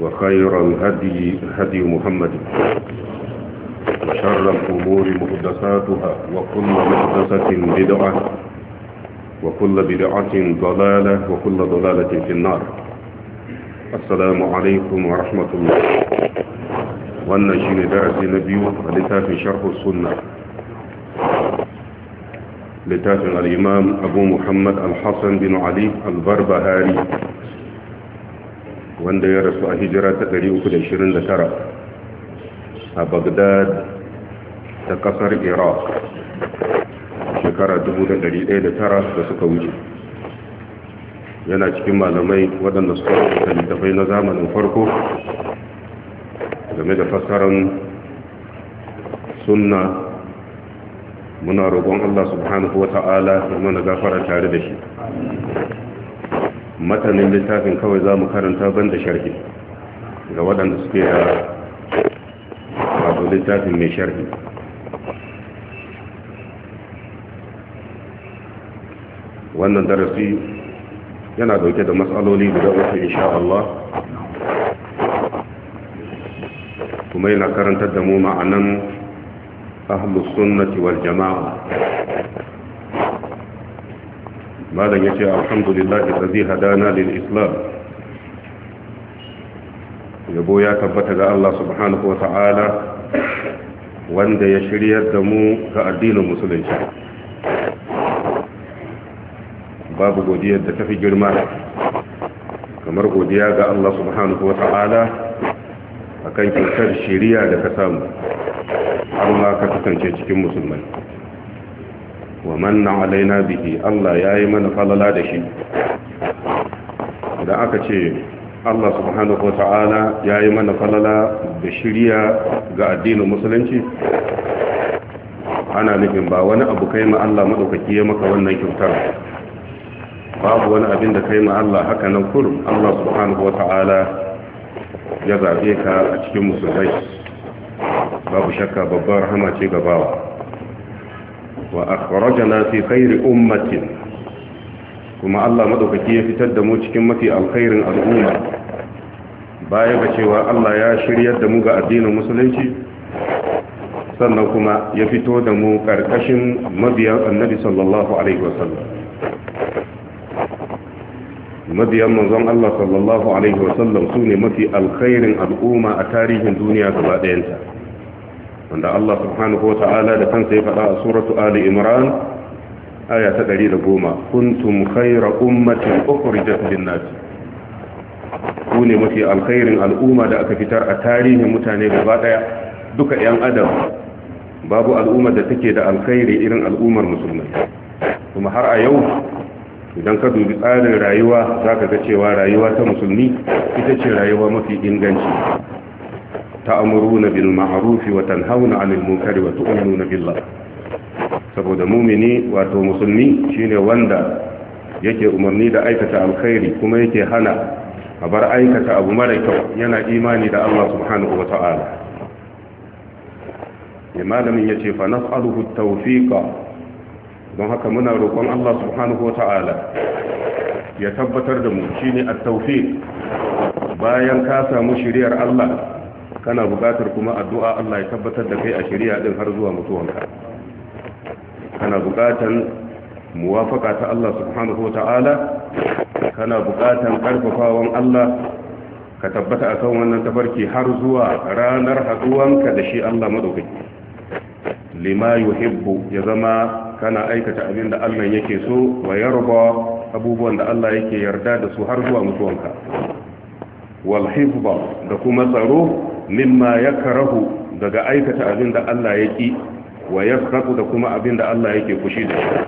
وخير الهدي هدي محمد وشر الأمور مهدساتها وكل مهدسة بدعة وكل بدعة ضلالة وكل ضلالة في النار السلام عليكم ورحمة الله والنجين بعز نبيو لتاف شرح السنة لتاف الإمام أبو محمد الحسن بن علي البربهاري wanda ya rasu a hijira ta 329 a bagdad ta kasar iraq shekara 1109 da suka wuce yana cikin malamai waɗanda suka da littafai na zamanin farko game da fassarar sunna muna roƙon Allah subhanahu wa ta'ala ya mana gafara tare da shi matanin littafin kawai za mu karanta ban da sharhi ga waɗanda suke da wato littafin mai sharhi wannan darasi yana dauke da matsaloli guda uku insha Allah kuma yana karantar da mu ma'anan ahlus sunnati wal jama'a malam ya ce alhamdulillahi allazi hadana lil islam yabo ya tabbata ga Allah subhanahu wata'ala wanda ya shirya da mu ga addinin musulunci babu godiyar da tafi girma kamar godiya ga Allah subhanahu wata'ala akan kyautar shiriya da ka samu har ma ka kasance cikin musulmai wa manna alaina bihi Allah ya yi mana falala da shi idan aka ce Allah subhanahu ta'ala ya yi mana falala da shirya ga addinin musulunci ana nufin ba wani abu kai ma Allah maɗaukaki ya maka wannan kyautar babu wani abin da kai ma Allah haka nan kurum Allah subhanahu ta'ala ya zaɓe ka a cikin musulmai babu shakka babbar rahama ce gabawa wa akhrajana fi khairi ummatin kuma Allah madaukaki ya fitar da mu cikin mafi alkhairin al'umma baya ga cewa Allah ya shiryar da mu ga addinin musulunci sannan kuma ya fito da mu karkashin mabiyan annabi sallallahu alaihi wasallam mabiyan manzon Allah sallallahu alaihi wasallam su ne mafi alkhairin al'umma a tarihin duniya gaba ɗayanta wanda Allah subhanahu wata'ala da kansa ya faɗa a suratu Ali Imran aya ta 110 kuntum khayra ummatin ukhrijat lin-nas ku ne mafi alkhairin al'umma da aka fitar a tarihin mutane gaba daya duka yan adam babu al'ummar da take da alkhairi irin al'ummar musulmai kuma har a yau idan ka dubi tsarin rayuwa zaka ga cewa rayuwa ta musulmi ita ce rayuwa mafi inganci ta'muruna bil ma'ruf wa tanhauna 'anil munkari wa tu'minuna billah saboda mumini wato musulmi shine wanda yake umarni da aikata alkhairi kuma yake hana a bar aikata abu mara kyau yana imani da Allah subhanahu wa ta'ala malamin ya ce fa nas'aluhu tawfiqa don haka muna roƙon Allah subhanahu wa ta'ala ya tabbatar da mu shine at-tawfiq bayan ka samu shiriyar Allah kana buƙatar kuma addu'a Allah ya tabbatar da kai a shirya din har zuwa mutuwanka kana bukatar muwafaka ta Allah subhanahu wa ta'ala kana bukatar ƙarfafawan Allah ka tabbata akan wannan tafarki har zuwa ranar haɗuwanka da shi Allah maɗaukaki lima yuhibbu ya zama kana aikata abin da Allah yake so wa yarba abubuwan da Allah yake yarda da su har zuwa mutuwanka wal hifba da kuma tsaro mimma ya karahu daga aikata abin da Allah ya ƙi wa ya da kuma abin da Allah yake kushi da shi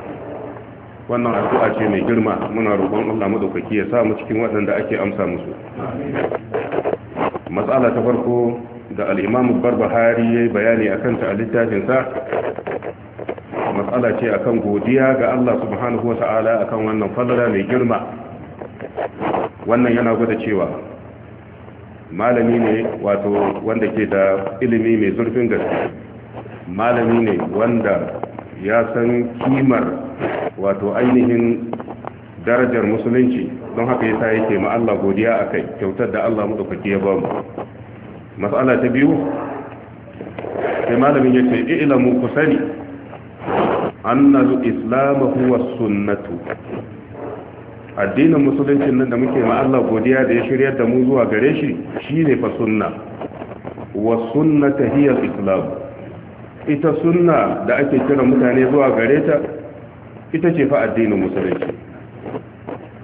wannan addu'a ce mai girma muna roƙon Allah madaukaki ya sa mu cikin waɗanda ake amsa musu matsala ta farko da al-Imam Barbahari yayi bayani akan ta a littafin sa matsala ce akan godiya ga Allah subhanahu wata'ala akan wannan fadala mai girma wannan yana gwada cewa malami ne wato wanda ke da ilimi mai zurfin gaske malami ne wanda ya san kimar wato ainihin darajar musulunci don haka yasa yake ma Allah godiya a kai, kyautar da Allah madaukake ya bamu mas'ala ta biyu sai malamin ce ilamu kusani annal islamu huwa sunnatu addinin musulunci nan da muke ma Allah godiya da ya shirya da mu zuwa gare shi shi ne fa sunna wa sunna ta hiya islam ita sunna da ake kira mutane zuwa gare ta ita ce fa addinin musulunci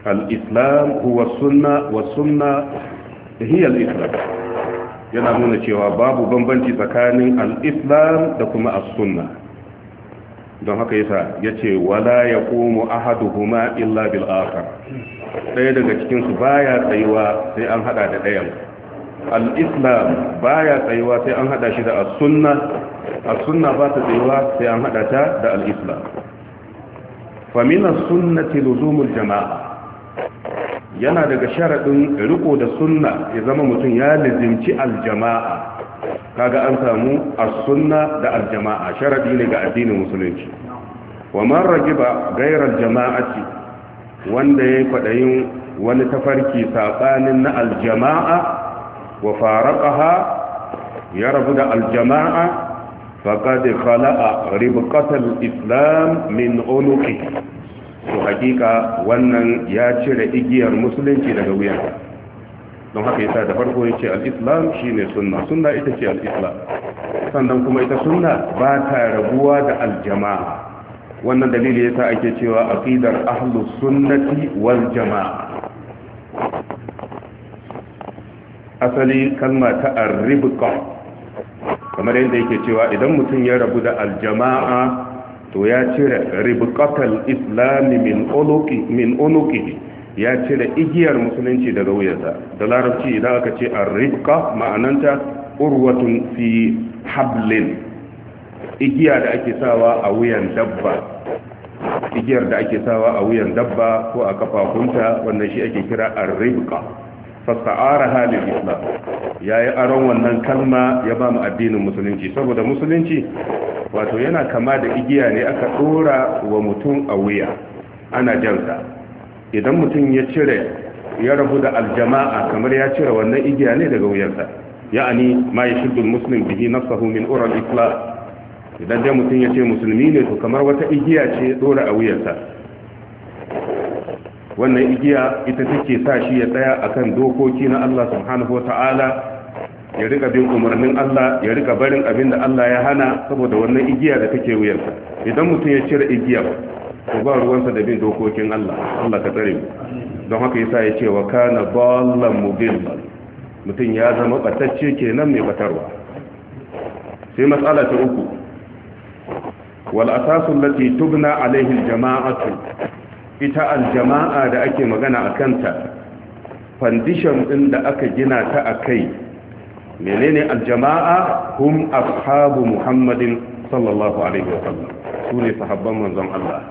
al-islam huwa sunna wa sunna hiya al-islam yana nuna cewa babu bambanci tsakanin al-islam da kuma as-sunna don haka yasa ce, wala ya yaqumu ahaduhuma illa bil akhar ɗaya daga cikinsu baya tsayuwa sai an hada da ɗayan al-islam baya tsayuwa sai an hada shi da as-sunna as-sunna ba ta tsayuwa sai an hada ta da al-islam fa min as-sunnati luzumul jama'a yana daga sharadin riko da sunna ya zama mutum ya lazimci al-jama'a kaga an samu as-sunna da al-jama'a sharadi ne ga addinin musulunci wa man ragiba ghayra al-jama'ati wanda yayi kwadayin wani tafarki sabanin na al-jama'a wa faraqaha ya rabu da al-jama'a faqad khala'a ribqat islam min unuqi to hakika wannan ya cire igiyar musulunci daga wuyansa don haka yasa da farko ce al'islam shi ne sunna sunna ita ce al'islam sannan kuma ita sunna ba ta rabuwa da aljama'a wannan dalili yasa ake cewa aqidar ahlus sunnati wal jama'a asali kalma ta arribqa kamar yadda yake cewa idan mutum ya rabu da aljama'a to ya cire ribqatal islami min unuqi min ya cire igiyar musulunci daga wuyarsa da larabci idan aka ce a ribka ma'ananta urwatun fi hablin igiya da ake sawa a wuyan dabba igiyar da ake sawa a wuyan dabba ko a kafafunta wannan shi ake kira arribka fasa'ara halin islam ya yi aron wannan kalma ya ba mu addinin musulunci saboda musulunci wato yana kama da igiya ne aka dora wa mutum a wuya ana jansa idan mutum ya cire ya rabu da aljama'a kamar ya cire wannan igiya ne daga wuyarsa ya'ani ma ya yashuddu almuslim bihi nafsahu min ural islam idan dai mutum ya ce musulmi ne to kamar wata igiya ce dora a wuyarsa wannan igiya ita take sa shi ya tsaya akan dokoki na Allah subhanahu wataala ya rika bin umarnin Allah ya rika barin abin da Allah ya hana saboda wannan igiya da take wuyarsa idan mutum ya cire igiyar ko ba ruwansa da bin dokokin Allah Allah ka tsare mu don haka yasa ya ce wa kana dallan mudilla mutum ya zama batacce kenan mai batarwa sai matsala ta uku wal asasu lati tubna alaihi aljama'atu ita aljama'a da ake magana akan ta foundation din da aka gina ta akai menene aljama'a hum ashabu muhammadin sallallahu alaihi wasallam sune sahabban manzon Allah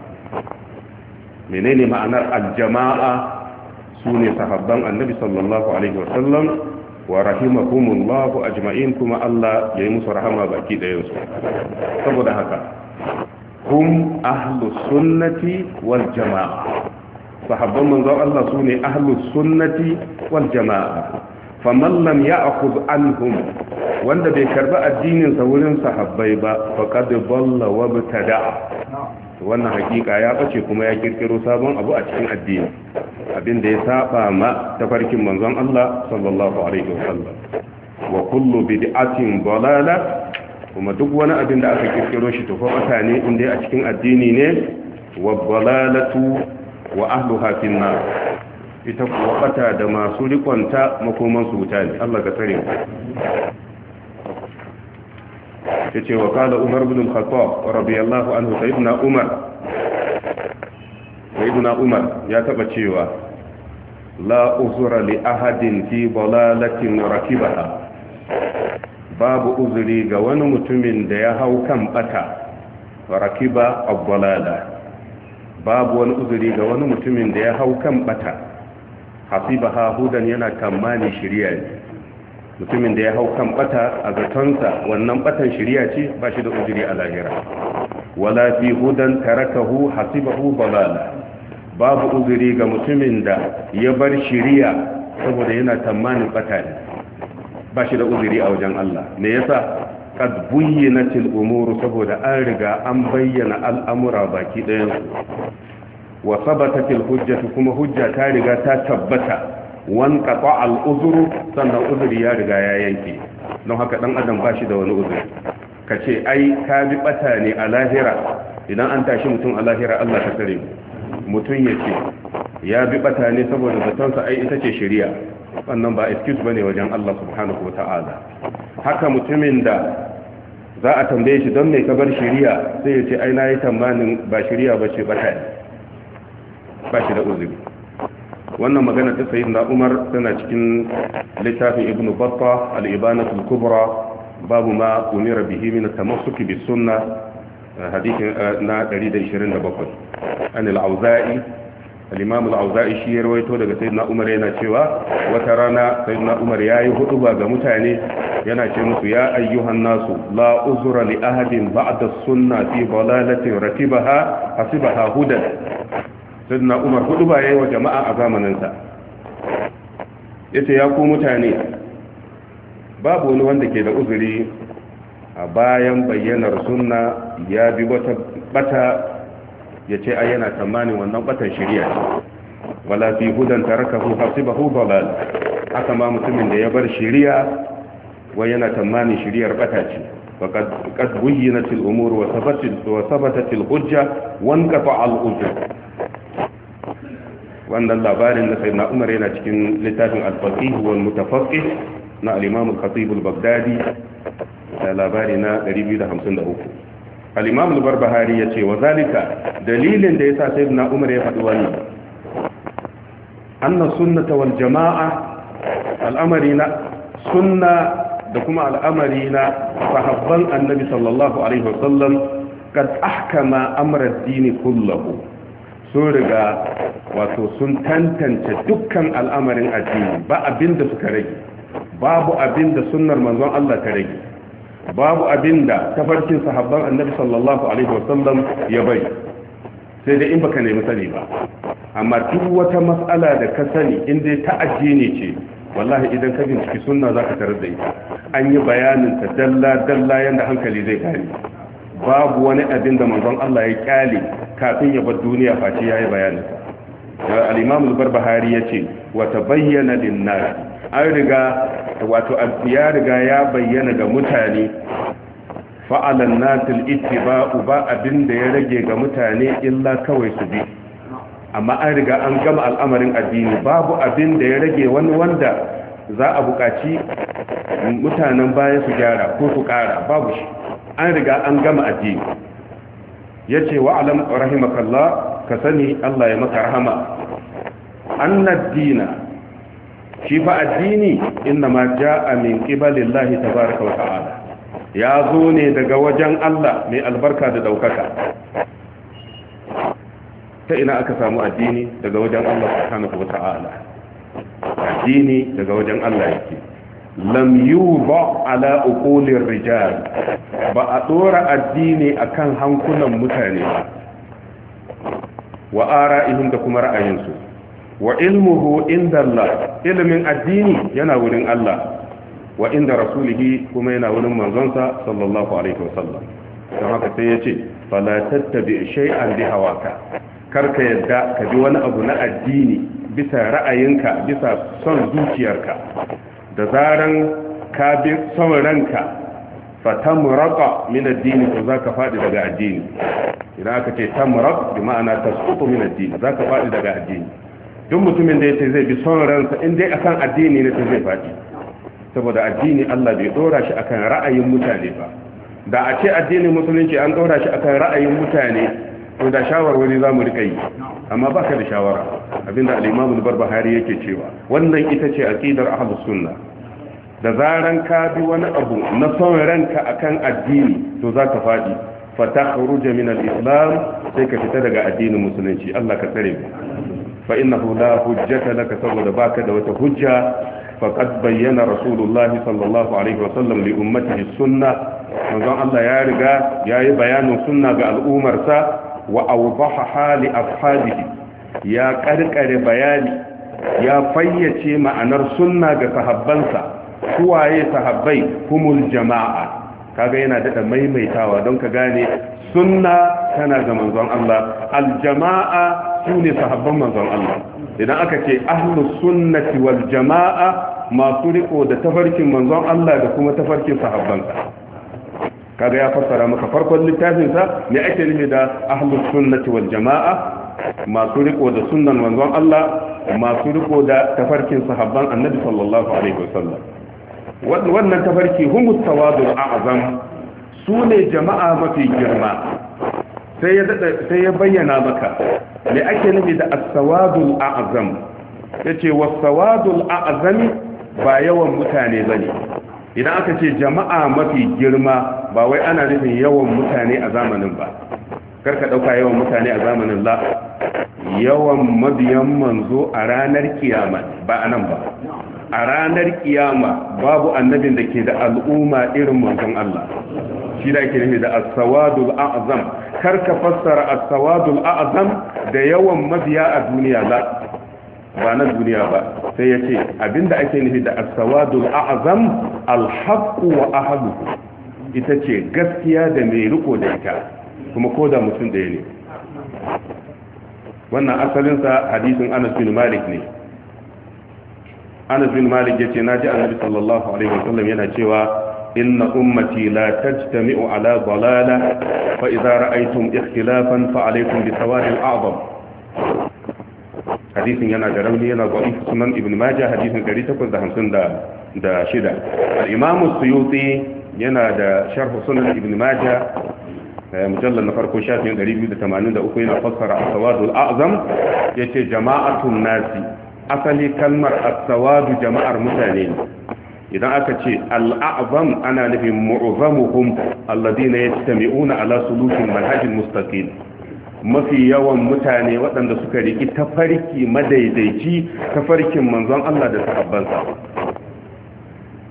menene ma'anar aljama'a su ne sahabban annabi sallallahu alaihi wasallam wa rahimahumullahu ajma'in kuma Allah ya yi musu rahama baki ɗayansu saboda haka hum ahlus sunnati wal jama'a sahabban manzon Allah su ne ahlus sunnati wal jama'a faman lam ya'khudh anhum wanda bai karba addinin sa wurin sahabbai ba faqad dalla wa btada wannan hakika ya bace kuma ya kirkiro sabon abu a cikin addini abinda ya saba ma tafarkin manzon Allah sallallahu alaihi wasallam wa kullu bid'atin dalala kuma duk wani abin da aka kirkiro shi to fa ne inda a cikin addini ne wa dalalatu wa ahluha fin nar ita kuwa bata da masu rikonta makoman su wuta ne Allah ka tsare yace wa qala umar bin al-khattab radiyallahu anhu sayyidina umar sayyidina umar ya taba cewa la uzura li ahadin fi dalalatin rakibaha babu uzuri ga wani mutumin da ya hau kan bata rakiba abbalala babu wani uzuri ga wani mutumin da ya hau kan bata hasiba hudan yana kamani shirya ne mutumin da ya hau kan bata a zatonsa wannan batan shirya ce ba shi da ujiri a lahira wala fi hudan tarakahu hasibahu balala babu ujiri ga mutumin da ya bar shirya saboda yana tamanin bata ne ba shi da ujiri a wajen Allah me yasa qad til umuru saboda an riga an bayyana al'amura baki ɗayansu. wa sabata til hujjatu kuma hujja ta riga ta tabbata wan kafa al sannan uzuri ya riga ya yanke don haka dan adam ba shi da wani uzuri kace ai ka bi bata ne a lahira idan an tashi mutum a lahira Allah ta tare mutum yace ya bi bata ne saboda batansa ai ita ce shari'a wannan ba excuse bane wajen Allah subhanahu wataala haka mutumin da za a tambaye shi don mai kabar shari'a sai ya ce ai na yi tamanin ba shari'a ba ce bata ne ba shi da uzuri wannan magana ta sayi na umar tana cikin littafin ibn batta al kubra babu ma umira bihi min tamassuki bis sunnah eh, eh, na 127 an al-auza'i al-imam al-auza'i shi rawaito daga sayyidina umar yana cewa wata rana sayyidina umar yayi huduba ga mutane yana ce musu ya ayyuhan nasu la uzra li ahadin ba'da as-sunnah fi dalalatin ratibaha hasibaha hudan sayyidina umar hudu ba yi wa jama'a a zamanin sa yace ya ku mutane babu wani wanda ke da uzuri a bayan bayyanar sunna ya bi wata bata yace ai yana tsammanin wannan batan shari'a wala fi hudan tarakahu hasibahu dalal aka ma mutumin da ya bar shari'a wai yana tsammanin shari'ar bata ce wa قد wa الأمور وثبتت hujja الحجة وانقطع الأجر wannan labarin na sayyidina umar yana cikin littafin al-faqih wal mutafaqqih na al-imam al-khatib al-baghdadi eh, labari na 253 al-imam al-barbahari yace wa zalika dalilin da yasa sayyidina umar ya faɗi wannan anna sunnata wal jama'a al'amari na sunna da kuma al'amari na sahabban annabi sallallahu alaihi wasallam kad ahkama amra ad-din kullahu sun riga wato sun tantance dukkan al'amarin addini ba abin da suka rage babu abin da sunnar manzon Allah ta rage babu abin da tafarkin sahabban annabi sallallahu alaihi wasallam ya bai sai dai in baka nemi sani ba amma duk wata mas'ala da ka sani in dai ta addini ce wallahi idan ka binciki sunna zaka tarar da ita an yi bayanin ta dalla dalla yanda hankali zai kare. babu wani abin da manzon Allah ya kyale kafin ya bar duniya face yayi bayani da al-Imam al-Barbahari yace wa tabayyana lin-nas an riga wato ya riga ya bayyana ga mutane fa'alan natil ittiba'u ba abin da ya rage ga mutane illa kawai su bi amma an riga an gama al'amarin addini babu abin da ya rage wani wanda za a buƙaci mutanen baya su gyara ko su ƙara babu shi an riga an gama addini ya ce wa alam rahimakallah ka sani Allah ya maka rahama annad dina shi fa addini inna ma ja'a min qibalillahi tabaaraka wa ta'ala ya zo ne daga wajen Allah mai albarka da ɗaukaka. ta ina aka samu addini daga wajen Allah subhanahu wa ta'ala addini daga wajen Allah yake lam yuba ala uqulir rijal ba a dora addini a kan hankunan mutane ba wa ara'ihim da kuma ra'ayinsu wa ilmuhu inda Allah ilimin addini yana wurin Allah wa inda rasulihi kuma yana wurin manzonsa sallallahu alaihi wasallam don haka sai ya yace fala tattabi shay'an bi hawaka karka yadda ka bi wani abu na addini bisa ra'ayinka bisa son zuciyarka da zaran ka bi tsawon ranka fatamraqa min ad-din to zaka fadi daga addini idan aka ce tamraq bi ma'ana tasqutu min ad-din zaka fadi daga addini duk mutumin da yace zai bi tsawon ransa in dai akan addini ne to zai fadi saboda addini Allah bai ɗora shi akan ra'ayin mutane ba da a ce addinin musulunci an dora shi akan ra'ayin mutane to da shawarwari za mu rika yi amma baka da shawara abinda al-imamu barbahari yake cewa wannan ita ce aqidar ahlus sunna da zaran ka bi wani abu na son ranka akan addini to zaka fadi fatakhruja min al-islam sai ka fita daga addinin musulunci Allah ka tsare mu fa innahu la hujjata laka saboda baka da wata hujja faqad bayyana rasulullahi sallallahu alaihi wa sallam li ummatihi sunnah manzon Allah ya riga yayi bayanin sunna ga al'ummarsa. sa wa awdaha hali ashabihi ya karkare bayani ya fayyace ma'anar sunna ga sahabbansa kuwaye sahabbai humul jama'a kaga yana daɗa maimaitawa don ka gane sunna tana ga manzon Allah aljama'a sune sahabban manzon Allah idan aka ce ahlus sunnati wal jama'a masu riko da tafarkin manzon Allah da kuma tafarkin sahabbansa kaga ya fassara maka farkon littafin sa me ake nufi da ahlus sunnati wal jamaa masu riko da sunnan manzon Allah masu riko da tafarkin sahabban annabi sallallahu alaihi wasallam wannan tafarki humus tawadu a'zam su ne jama'a mafi girma sai ya bayyana maka da ake nufi da asawadul a'azam ya ce wasawadul a'azami ba yawan mutane zane idan aka ce jama'a mafi girma ba wai ana nufin yawan mutane a zamanin ba karka dauka yawan mutane a zamanin la yawan mabiyan manzo a ranar kiyama ba anan ba a ranar kiyama babu annabin da ke da al'umma irin manzon Allah shi da ke nufi da as-sawadul a'zam karka fassara as-sawadul a'zam da yawan mabiya a duniya la ba na duniya ba sai ya ce abinda ake nufi da asawadul a'azam alhaqqu wa ahadu ita ce gaskiya da mai riko da ita kuma ko da mutum da ne wannan asalinsa hadisin anas bin malik ne anas bin malik ya ce na ji annabi sallallahu alaihi wasallam yana cewa inna ummati la tajtami'u ala dalala fa idza ra'aytum ikhtilafan fa alaykum bi sawadil a'zam hadisin yana da rauni yana gwani sunan ibn majah hadisin 856 al-imam suyuti yana da sharh sunan ibn majah eh, Mujallar na farko shafin 283 yana fassara as-sawadul a'zam yace jama'atun nasi asali kalmar as-sawadu jama'ar mutane idan aka ce al-a'zam ana nufin ya alladhina yastami'una ala sulukin manhajin mustaqim mafi yawan mutane waɗanda suka riki tafarki madaidaici tafarkin manzon Allah da sahabbansa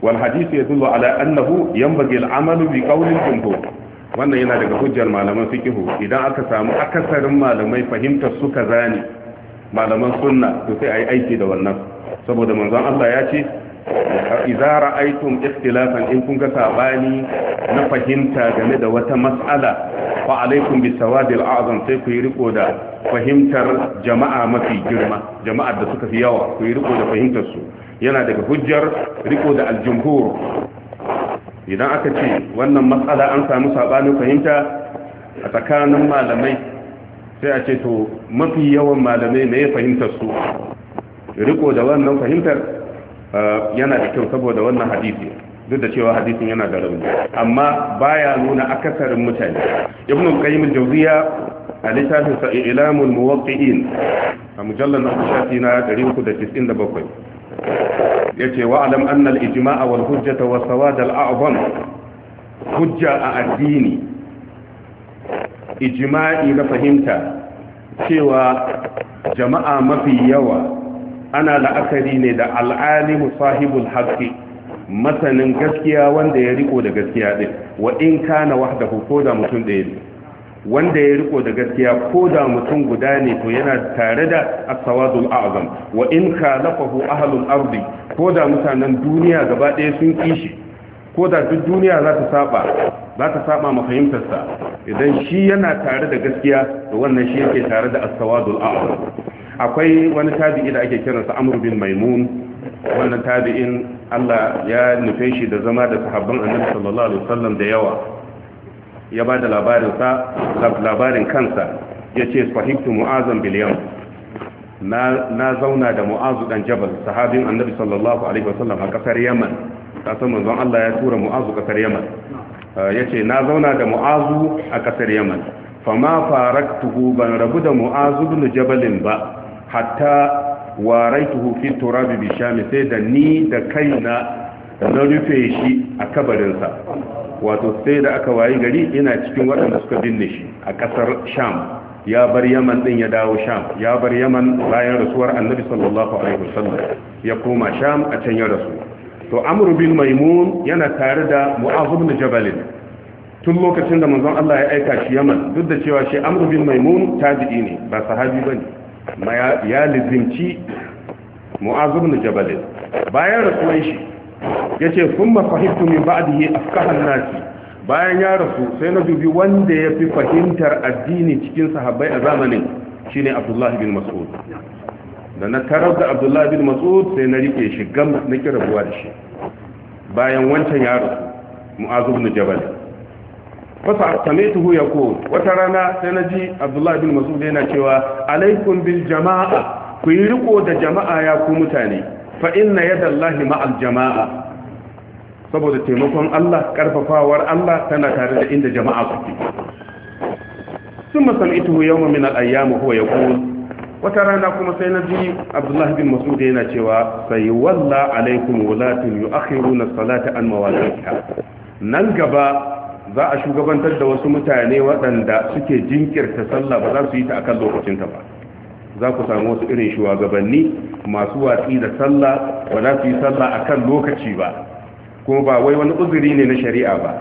wal hadisi yadullu ala annahu yan al-amalu bi qawli jumhur wannan yana daga hujjar malaman fikihu idan aka samu akasarin malamai fahimtar suka zani malaman sunna to sai ayi aiki da wannan saboda manzon Allah ya ce idza ra'aytum ikhtilafan in kun ga sabani na fahimta game da wata mas'ala fa alaikum bisawadil a'zam sai ku riko da fahimtar jama'a mafi girma jama'ar da suka fi yawa ku riko da fahimtar su yana daga hujjar riko da aljumhur idan aka ce wannan mas'ala an samu sabanin fahimta a tsakanin malamai sai a ce to mafi yawan malamai me fahimtar su riko da wannan fahimtar Eh, yana da kyau saboda wannan hadisi duk da cewa hadisin yana da rauni amma baya nuna akasarin mutane ibn qayyim al-jawziya a littafin sa ilamul muwaqqi'in a mujallal na shafi na 397 yace wa alam anna al-ijma'a wal hujjata wa sawad al-a'zam hujja a addini ijma'i na fahimta cewa jama'a mafi yawa ana la'akari ne da al'alimu sahibul haqqi masanin gaskiya wanda ya riko da gaskiya ɗin wa in kana wahdahu ko da mutum ɗaya ne wanda ya riko da gaskiya ko da mutum guda ne to yana tare da as-sawadul a'zam wa in khalafahu ahlul ardi ko da mutanen duniya gaba ɗaya sun kishi ko da duk duniya za ta saba za ta saba ma fahimtarsa idan shi yana tare da gaskiya to wannan shi yake tare da as-sawadul a'zam akwai wani tabi'i da ake kiransa amr bin maimun wannan tabi'in Allah ya nufe shi da zama da sahabban annabi sallallahu alaihi wasallam da yawa ya ba da labarin sa labarin kansa yace sahibtu mu'azan bil yam na na zauna da mu'azu dan jabal sahabin annabi sallallahu alaihi wasallam a kasar yaman kasan manzon Allah ya tura mu'azu kasar yaman eh, yace na zauna da mu'azu a kasar yaman fama faraktuhu ban rabu da mu'azu bin jabalin ba hatta waraituhu fi turabi bi shami sai da ni da kaina na rufe shi a kabarinsa wato sai da aka wayi gari ina cikin waɗanda suka binne shi a ƙasar sham ya bar yaman ɗin ya dawo sham ya bar yaman bayan rasuwar annabi sallallahu alaihi wasallam ya koma sham a can ya rasu to amru bin maimun yana tare da mu'az ibn tun lokacin da manzon Allah ya aika shi yaman duk da cewa shi amru bin maimun tabi'i ne ba sahabi bane ya lizimci mu'azib na jabalin bayan rasuwan shi ya ce sun mafahimtu min ba'adihi afkahan nasi bayan ya rasu sai na dubi wanda ya fi fahimtar addini cikin sahabbai a zamanin shine abdullahi bin mas'ud da na tarar da abdullahi bin mas'ud sai na rike shi gam na kira buwa da shi bayan wancan ya rasu mu'azib na jabalin fasa samituhu ya ko wata rana sai na ji abdullahi bin masud yana cewa alaikum bil jama'a ku yi riko da jama'a ya ku mutane fa inna yadallahi ma'al jama'a saboda taimakon Allah karfafawar Allah tana tare da inda jama'a kuke thumma sami'tuhu yawma min al-ayyam huwa yaqul wata rana kuma sai na ji abdullahi bin masud yana cewa sai walla alaikum wulatun yu'akhiruna salata an mawaqitiha nan gaba za a shugabantar da wasu mutane waɗanda suke jinkirta sallah ba za su yi ta akan lokacinta ba za ku samu wasu irin shugabanni masu watsi da sallah ba za su yi sallah akan lokaci ba kuma ba wai wani uzuri ne na shari'a ba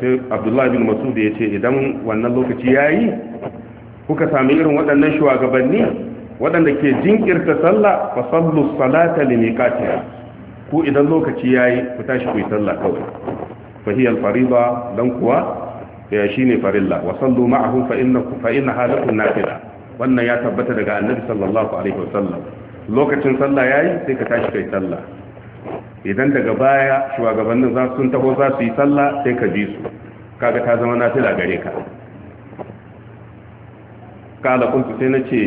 sai abdullahi bin masud ya ce idan wannan lokaci ya yi kuka sami irin waɗannan shugabanni waɗanda ke jinkirta sallah fa sallu salata limiqatiha ku idan lokaci yayi ku tashi ku yi sallah kawai fahiyar fariba don kuwa ya shi ne farilla wasallu ma'ahu fa'ina halakun nafila wannan ya tabbata daga annabi sallallahu alaihi wasallam lokacin sallah ya yi sai ka tashi kai sallah idan daga baya shugabannin za taho za su yi sallah sai ka ji su kaga ta zama nafila gare ka kala kuntu sai na ce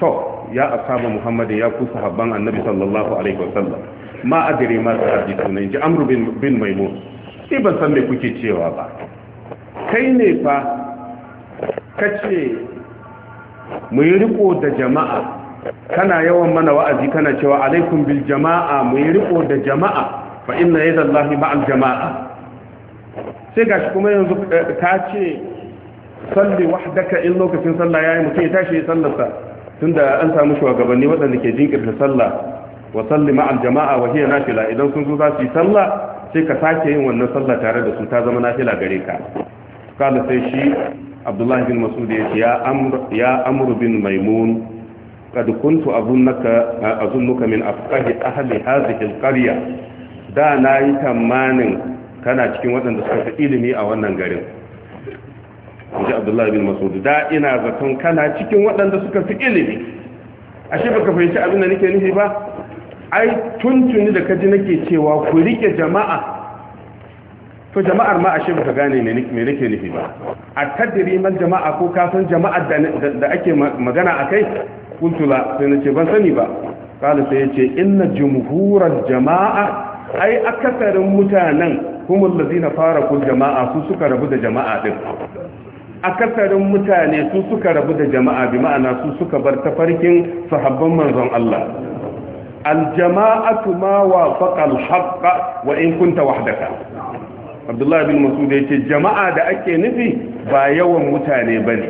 to ya asaba muhammadin ya kusa habban annabi sallallahu alaihi wasallam ma adiri ma ta hadithu ne ji amru bin maimun shi ban san me kuke cewa ba kai ne fa kace mu yi riko da jama'a kana yawan mana wa'azi kana cewa alaikum bil jama'a mu yi riko da jama'a fa inna yadallahi ma'al jama'a sai gashi kuma yanzu eh, ka ce salli wahdaka in lokacin sallah yayi mutum ya tashi ya sallarsa tunda an samu shugabanni waɗanda ke jinkirta sallah wa salli ma'al jama'a wa hiya nafila idan sun zo za su yi sallah sai ka sake yin wannan sallah tare da su ta zama nafila gare ka kala sai shi abdullahi bin masud ya ce ya amru bin maimun qad kuntu azunnaka azunnuka min afqahi ahli hadhihi alqarya da na yi tamanin kana cikin waɗanda suka fi ilimi a wannan garin inji abdullahi bin masud da ina zaton kana cikin waɗanda suka fi ilimi ashe baka fahimci abin da nake nufi ba ai tuntuni da kaji nake cewa ku rike jama'a to jama'ar ma ashe baka gane me nake nufi ba a tadiri man jama'a ko san jama'ar da ake magana a kai kuntula sai nace ban sani ba kala sai yace inna jumhurar jama'a ai akasarin mutanen kuma lazina fara ku jama'a su suka rabu da jama'a din akasarin mutane su suka rabu da jama'a bi ma'ana su suka bar tafarkin sahabban manzon Allah aljama'atu ma wafaqa alhaqqa wa in kunta wahdaka Abdullah bin Mas'ud yace jama'a da ake nufi ba yawan mutane bane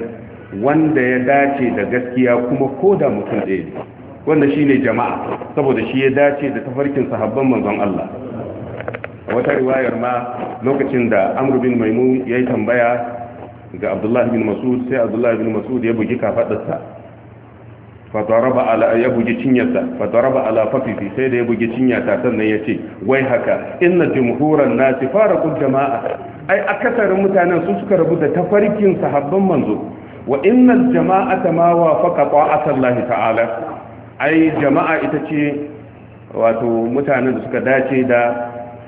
wanda ya dace da gaskiya kuma koda mutum ɗaya ne wanda shine jama'a saboda shi ya dace da tafarkin sahabban manzon Allah wata riwayar ma lokacin da Amr bin Maimun yayi tambaya ga Abdullah bin Mas'ud sai Abdullah bin Mas'ud ya bugi kafadarsa fataraba ala ya buge cinyarsa fataraba ala fafifi sai da ya bugi cinyata sannan ya ce wai haka inna na nasi fara kun jama'a ai akasarin mutanen su suka rabu da tafarkin sahabban manzo wa jama'a ta ma wafaqa ta'atallahi ta'ala ai jama'a ita ce wato mutanen da suka dace da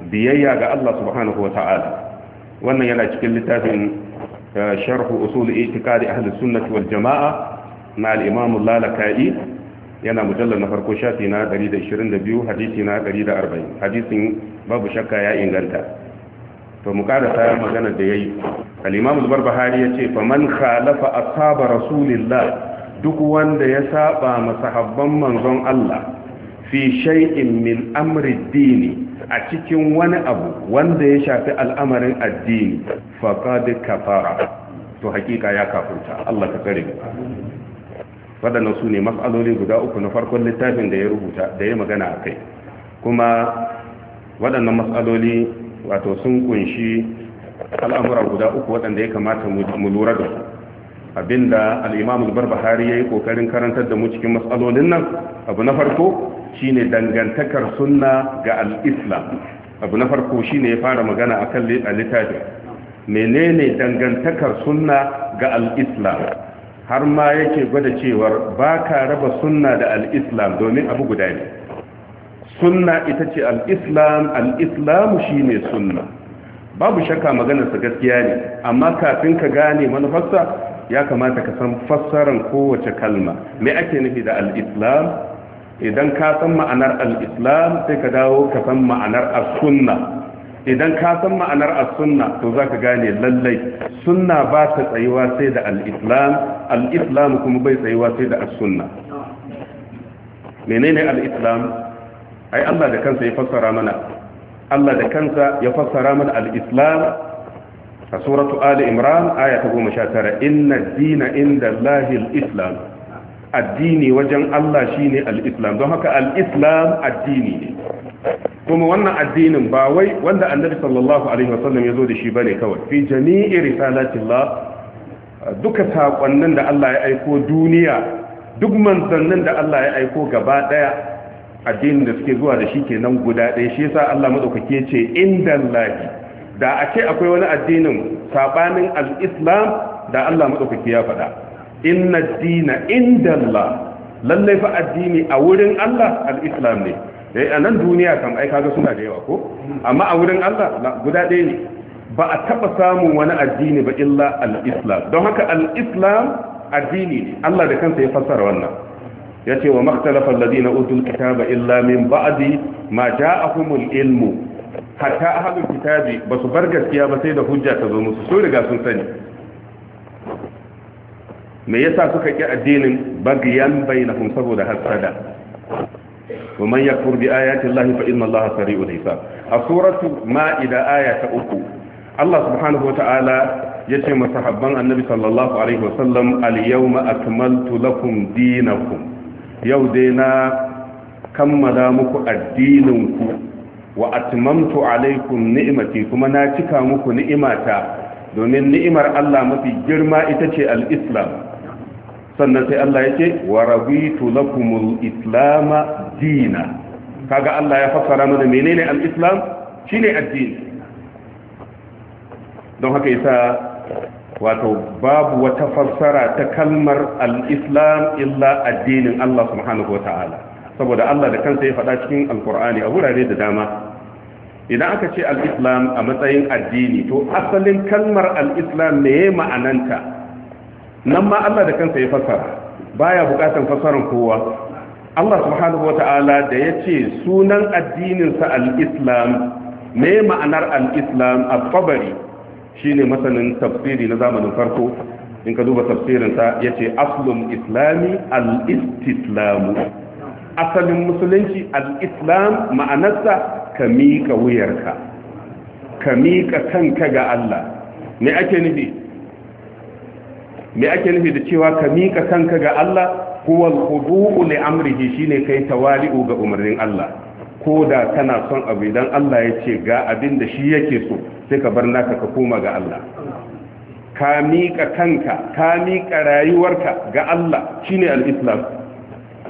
biyayya ga Allah subhanahu wa ta'ala wannan yana cikin littafin eh, sharhu, usul i'tiqadi ahli sunnah wal jama'a na al'imamun lalaka'i yana mujallar na farko shafi na 122 hadisi na 140 hadisin babu shakka ya inganta to mu karasa maganar da ya yi al'imamun barbahari ya ce faman khalafa saba rasulillah duk wanda ya saba masahabban manzon Allah fi shay'in min amri dini a cikin wani abu wanda ya shafi al'amarin addini faqad kafara to hakika ya kafurta Allah ka tsare mu waɗannan su ne matsaloli guda uku na farkon littafin da ya rubuta da ya magana a kai kuma waɗannan matsaloli wato sun kunshi al'amura guda uku waɗanda ya kamata mu lura da su abinda al'imamul bahari ya yi ƙoƙarin karantar da mu cikin mas'alolin nan abu na farko shi ne dangantakar sunna ga al'islam abu na farko shi ne ya fara magana a kan littafin menene dangantakar sunna ga al'islam har ma yake gwada cewar ba ka raba sunna da al'islam domin abu guda ne sunna ita ce al'islam al'islamu shi ne sunna babu shakka maganarsa gaskiya ne amma kafin ka gane manufarsa ya kamata ka san fassarar kowace kalma mai ake nufi da al'islam idan ka san ma'anar al'islam sai ka dawo ka san ma'anar as-sunna idan ka san ma'anar as-sunna to zaka gane lallai sunna ba ta tsayuwa sai da al-islam al-islam kuma bai tsayuwa sai da as-sunna menene al-islam ai Allah da kansa ya fassara mana Allah da kansa ya fassara mana al-islam a suratu ali imran aya ta 19 inna dina inda Allahi al-islam addini wajen Allah shine al-islam don haka al-islam addini ne kuma wannan addinin ba wai wanda annabi sallallahu alaihi wasallam ya zo da shi bane kawai fi jami'i risalatillah duka sakonnin da Allah ya aiko duniya duk manzannin da Allah ya aiko gaba daya addinin da suke zuwa da shi kenan guda ɗaya shi yasa Allah madaukake ce ce indallahi da ake akwai wani addinin sabanin al-islam da Allah madaukake ya faɗa inna ad-dina indallah lallai fa addini a wurin Allah al-islam ne eh a nan duniya kam ai kaga suna da yawa ko amma a wurin Allah guda ɗaya ne ba a taɓa samun wani addini ba illa al-islam don haka al-islam addini ne Allah da kansa ya fassara wannan yace wa makhtalafa alladhina utul kitaba illa min ba'di ma ja'ahumul ilmu hatta ahlul kitabi basu bar gaskiya ba sai da hujja ta zo musu so riga sun sani me yasa suka ki addinin bagiyan bainahum saboda hasada ومن يكفر بآيات الله فإن الله سريع الحساب سورة مائدة آية أخرى الله سبحانه وتعالى يتي مصحبا النبي صلى الله عليه وسلم اليوم أكملت لكم دينكم يودينا كمل مكو الدينكم وأتممت عليكم نعمتي كما ناتك مكو نعمتا دون نعمر الله مفي جرما إتتي الإسلام sannan sai Allah ya ce wa rabitu lakumul islama dina kaga Allah ya fassara mana menene al-islam shine addini don haka yasa wato babu wata fassara ta kalmar al-islam illa addinin Allah subhanahu saboda Allah da kansa ya faɗa cikin alkur'ani a wurare da dama idan aka ce al-islam a matsayin addini to asalin kalmar al-islam ne ma'ananta nan ma Allah da kansa ya fassara baya bukatan fassarar kowa Allah subhanahu wata'ala da ya ce sunan addininsa al-islam me ma'anar al-islam al shi shine masanin tafsiri na zamanin farko in ka duba tafsirinsa ya ce aslun islami al-istislamu asalin musulunci al-islam ma'anarsa ka miƙa wuyarka ka miƙa kanka ga Allah me ake nufi me ake nufi da cewa ka miƙa kanka ga Allah huwa al-khudu'u li amrihi shine kai tawali'u ga umarnin Allah ko da kana son abu idan Allah ya ce ga abin da shi yake so sai ka bar naka ka koma ga Allah ka miƙa kanka ka miƙa rayuwarka ga Allah shine al-islam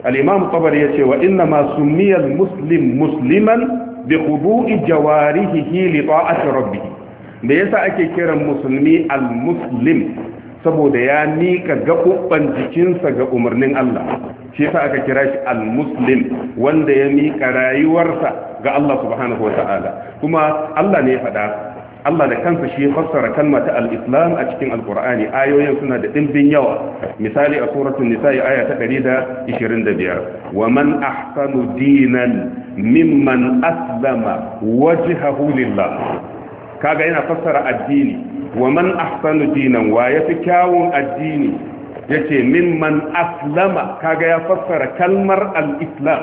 al-imam tabari yace wa inna masu miyar muslim musliman bi khudu'i jawarihi li ta'ati rabbih me yasa ake kiran musulmi al-muslim saboda ya mika gaɓuɓɓan jikinsa ga umarnin Allah shi yasa aka kira shi al-muslim wanda ya mika rayuwarsa ga Allah subhanahu wa ta'ala kuma Allah ne ya faɗa Allah da kansa shi ya fassara kalma ta al-islam a cikin al-qur'ani ayoyin suna da ɗimbin yawa misali a suratul Nisa'i aya ta 125 wa man ahsanu dinan mimman aslama wajhahu lillah kaga yana fassara addini wa man ahsanu dinan wa yafi kyawun addini yace mimman aslama kaga ya fassara kalmar al-islam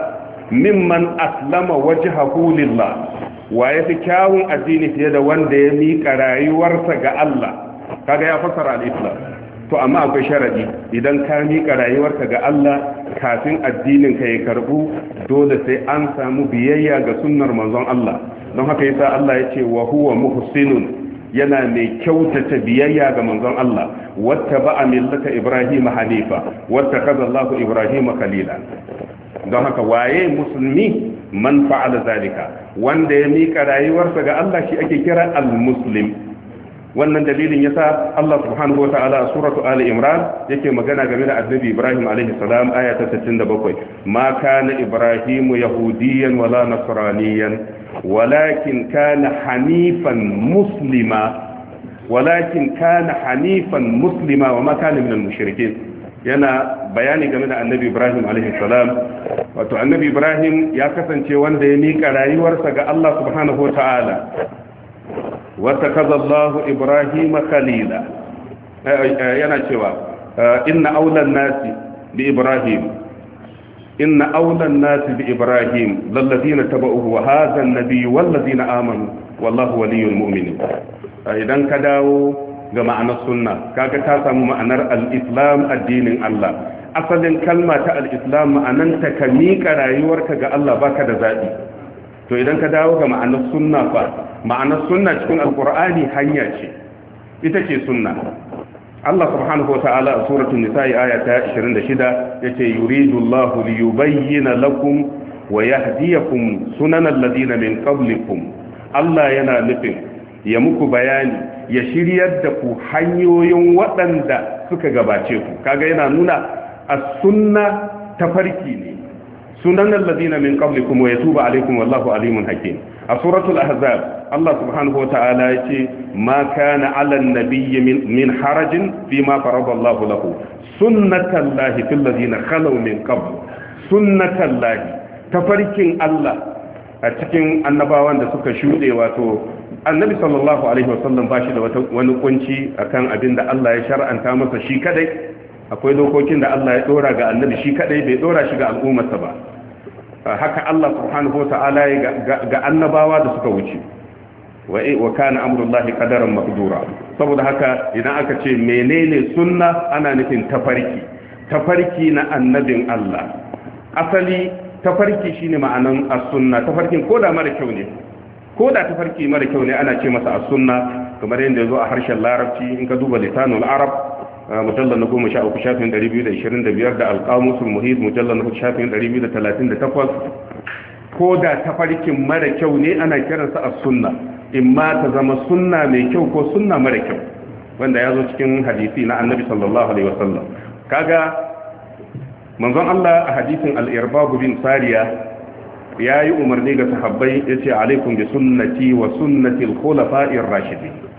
mimman aslama wajhahu lillah wa yafi kyawun addini fiye da wanda ya miƙa rayuwarsa ga Allah kaga ya fassara al-islam to amma akwai sharadi idan ka miƙa rayuwarka ga Allah kafin addinin ka ya karbu dole sai an samu biyayya ga sunnar manzon Allah don haka yasa Allah yace wa huwa muhsinun yana mai kyautata biyayya ga manzon Allah wata ba'a millata Ibrahim Hanifa wata kaza Allah Ibrahim Khalila don haka waye musulmi man fa'ala zalika wanda ya mika rayuwarsa ga Allah shi ake kira al-muslim wannan dalilin yasa Allah subhanahu wa ta'ala a suratu Ali Imran yake magana game da annabi Ibrahim alaihi salam aya ta 67 ma kana Ibrahim yahudiyan wala nasraniyan walakin kana hanifan muslima walakin kana hanifan muslima wa makana minal yana bayani game da annabi ibrahim salam wato annabi ibrahim ya kasance wanda ya mika rayuwarsa ga allah subhanahu wa ta'ala wata kazallahu ibrahim khalila eh, eh, yana cewa inna aulan nasi bi ibrahim inna aulan nasi bi ibrahim lallazina taba'uhu wa hadha an-nabi wallazina amanu wallahu waliyyul mu'minin idan ka dawo ga ma'anar sunna kaga ta samu ma'anar al-islam addinin Allah asalin kalma ta al-islam ma'ananta ka miƙa rayuwarka ga Allah baka da zabi to idan ka dawo ga ma'anar sunna fa ma'anar sunna cikin alqur'ani hanya ce ita ce sunna Allah subhanahu wata'ala a suratul nisa'i aya 26 yace yuridu Allahu li yubayyana lakum wa yahdiyakum sunanal ladina min qablikum Allah yana nufin ya muku bayani ya shiryar da ku hanyoyin waɗanda suka gabace ku kaga yana nuna a sunna tafarki ne sunanal ladina min qablikum wa yatubu alaykum wallahu alimun hakim a suratul ahzab Allah subhanahu wa ta'ala ya ce ma kana ala nabiyyi min harajin fi ma faradallahu lahu lahi fil ladina khalaw min qabl sunnatallahi tafarkin Allah a cikin annabawan da suka shuɗe wato annabi sallallahu alaihi wa sallam bashi da wani kunci akan abin da Allah ya shar'anta masa shi kadai akwai dokokin da Allah ya dora ga annabi shi kadai bai dora shi ga al'ummarsa ba haka Allah subhanahu wa ta'ala ya ga annabawa da suka wuce wa kana amrullahi qadaran maqdura saboda haka idan aka ce menene sunna ana nufin tafarki tafarki na annabin Allah asali tafarki shine ma'anan as-sunna tafarkin koda mara kyau ne koda tafarki mara kyau ne ana ce masa as-sunna kamar yadda yazo a harshen larabci in ka duba lisanul arab mujallar na goma sha uku shafin ɗari biyu da ishirin da biyar da alƙamusul muhid mujallar na shafin ɗari biyu da talatin da takwas ko da tafarkin mara kyau ne ana kiransa a sunna in ma ta zama sunna mai kyau ko sunna mara kyau wanda ya zo cikin hadisi na annabi sallallahu alaihi wasallam kaga manzon Allah a hadisin al-irbabu bin sariya ya yi umarni ga sahabbai ya ce alaikum bi sunnati wa sunnati al-khulafa'ir rashidin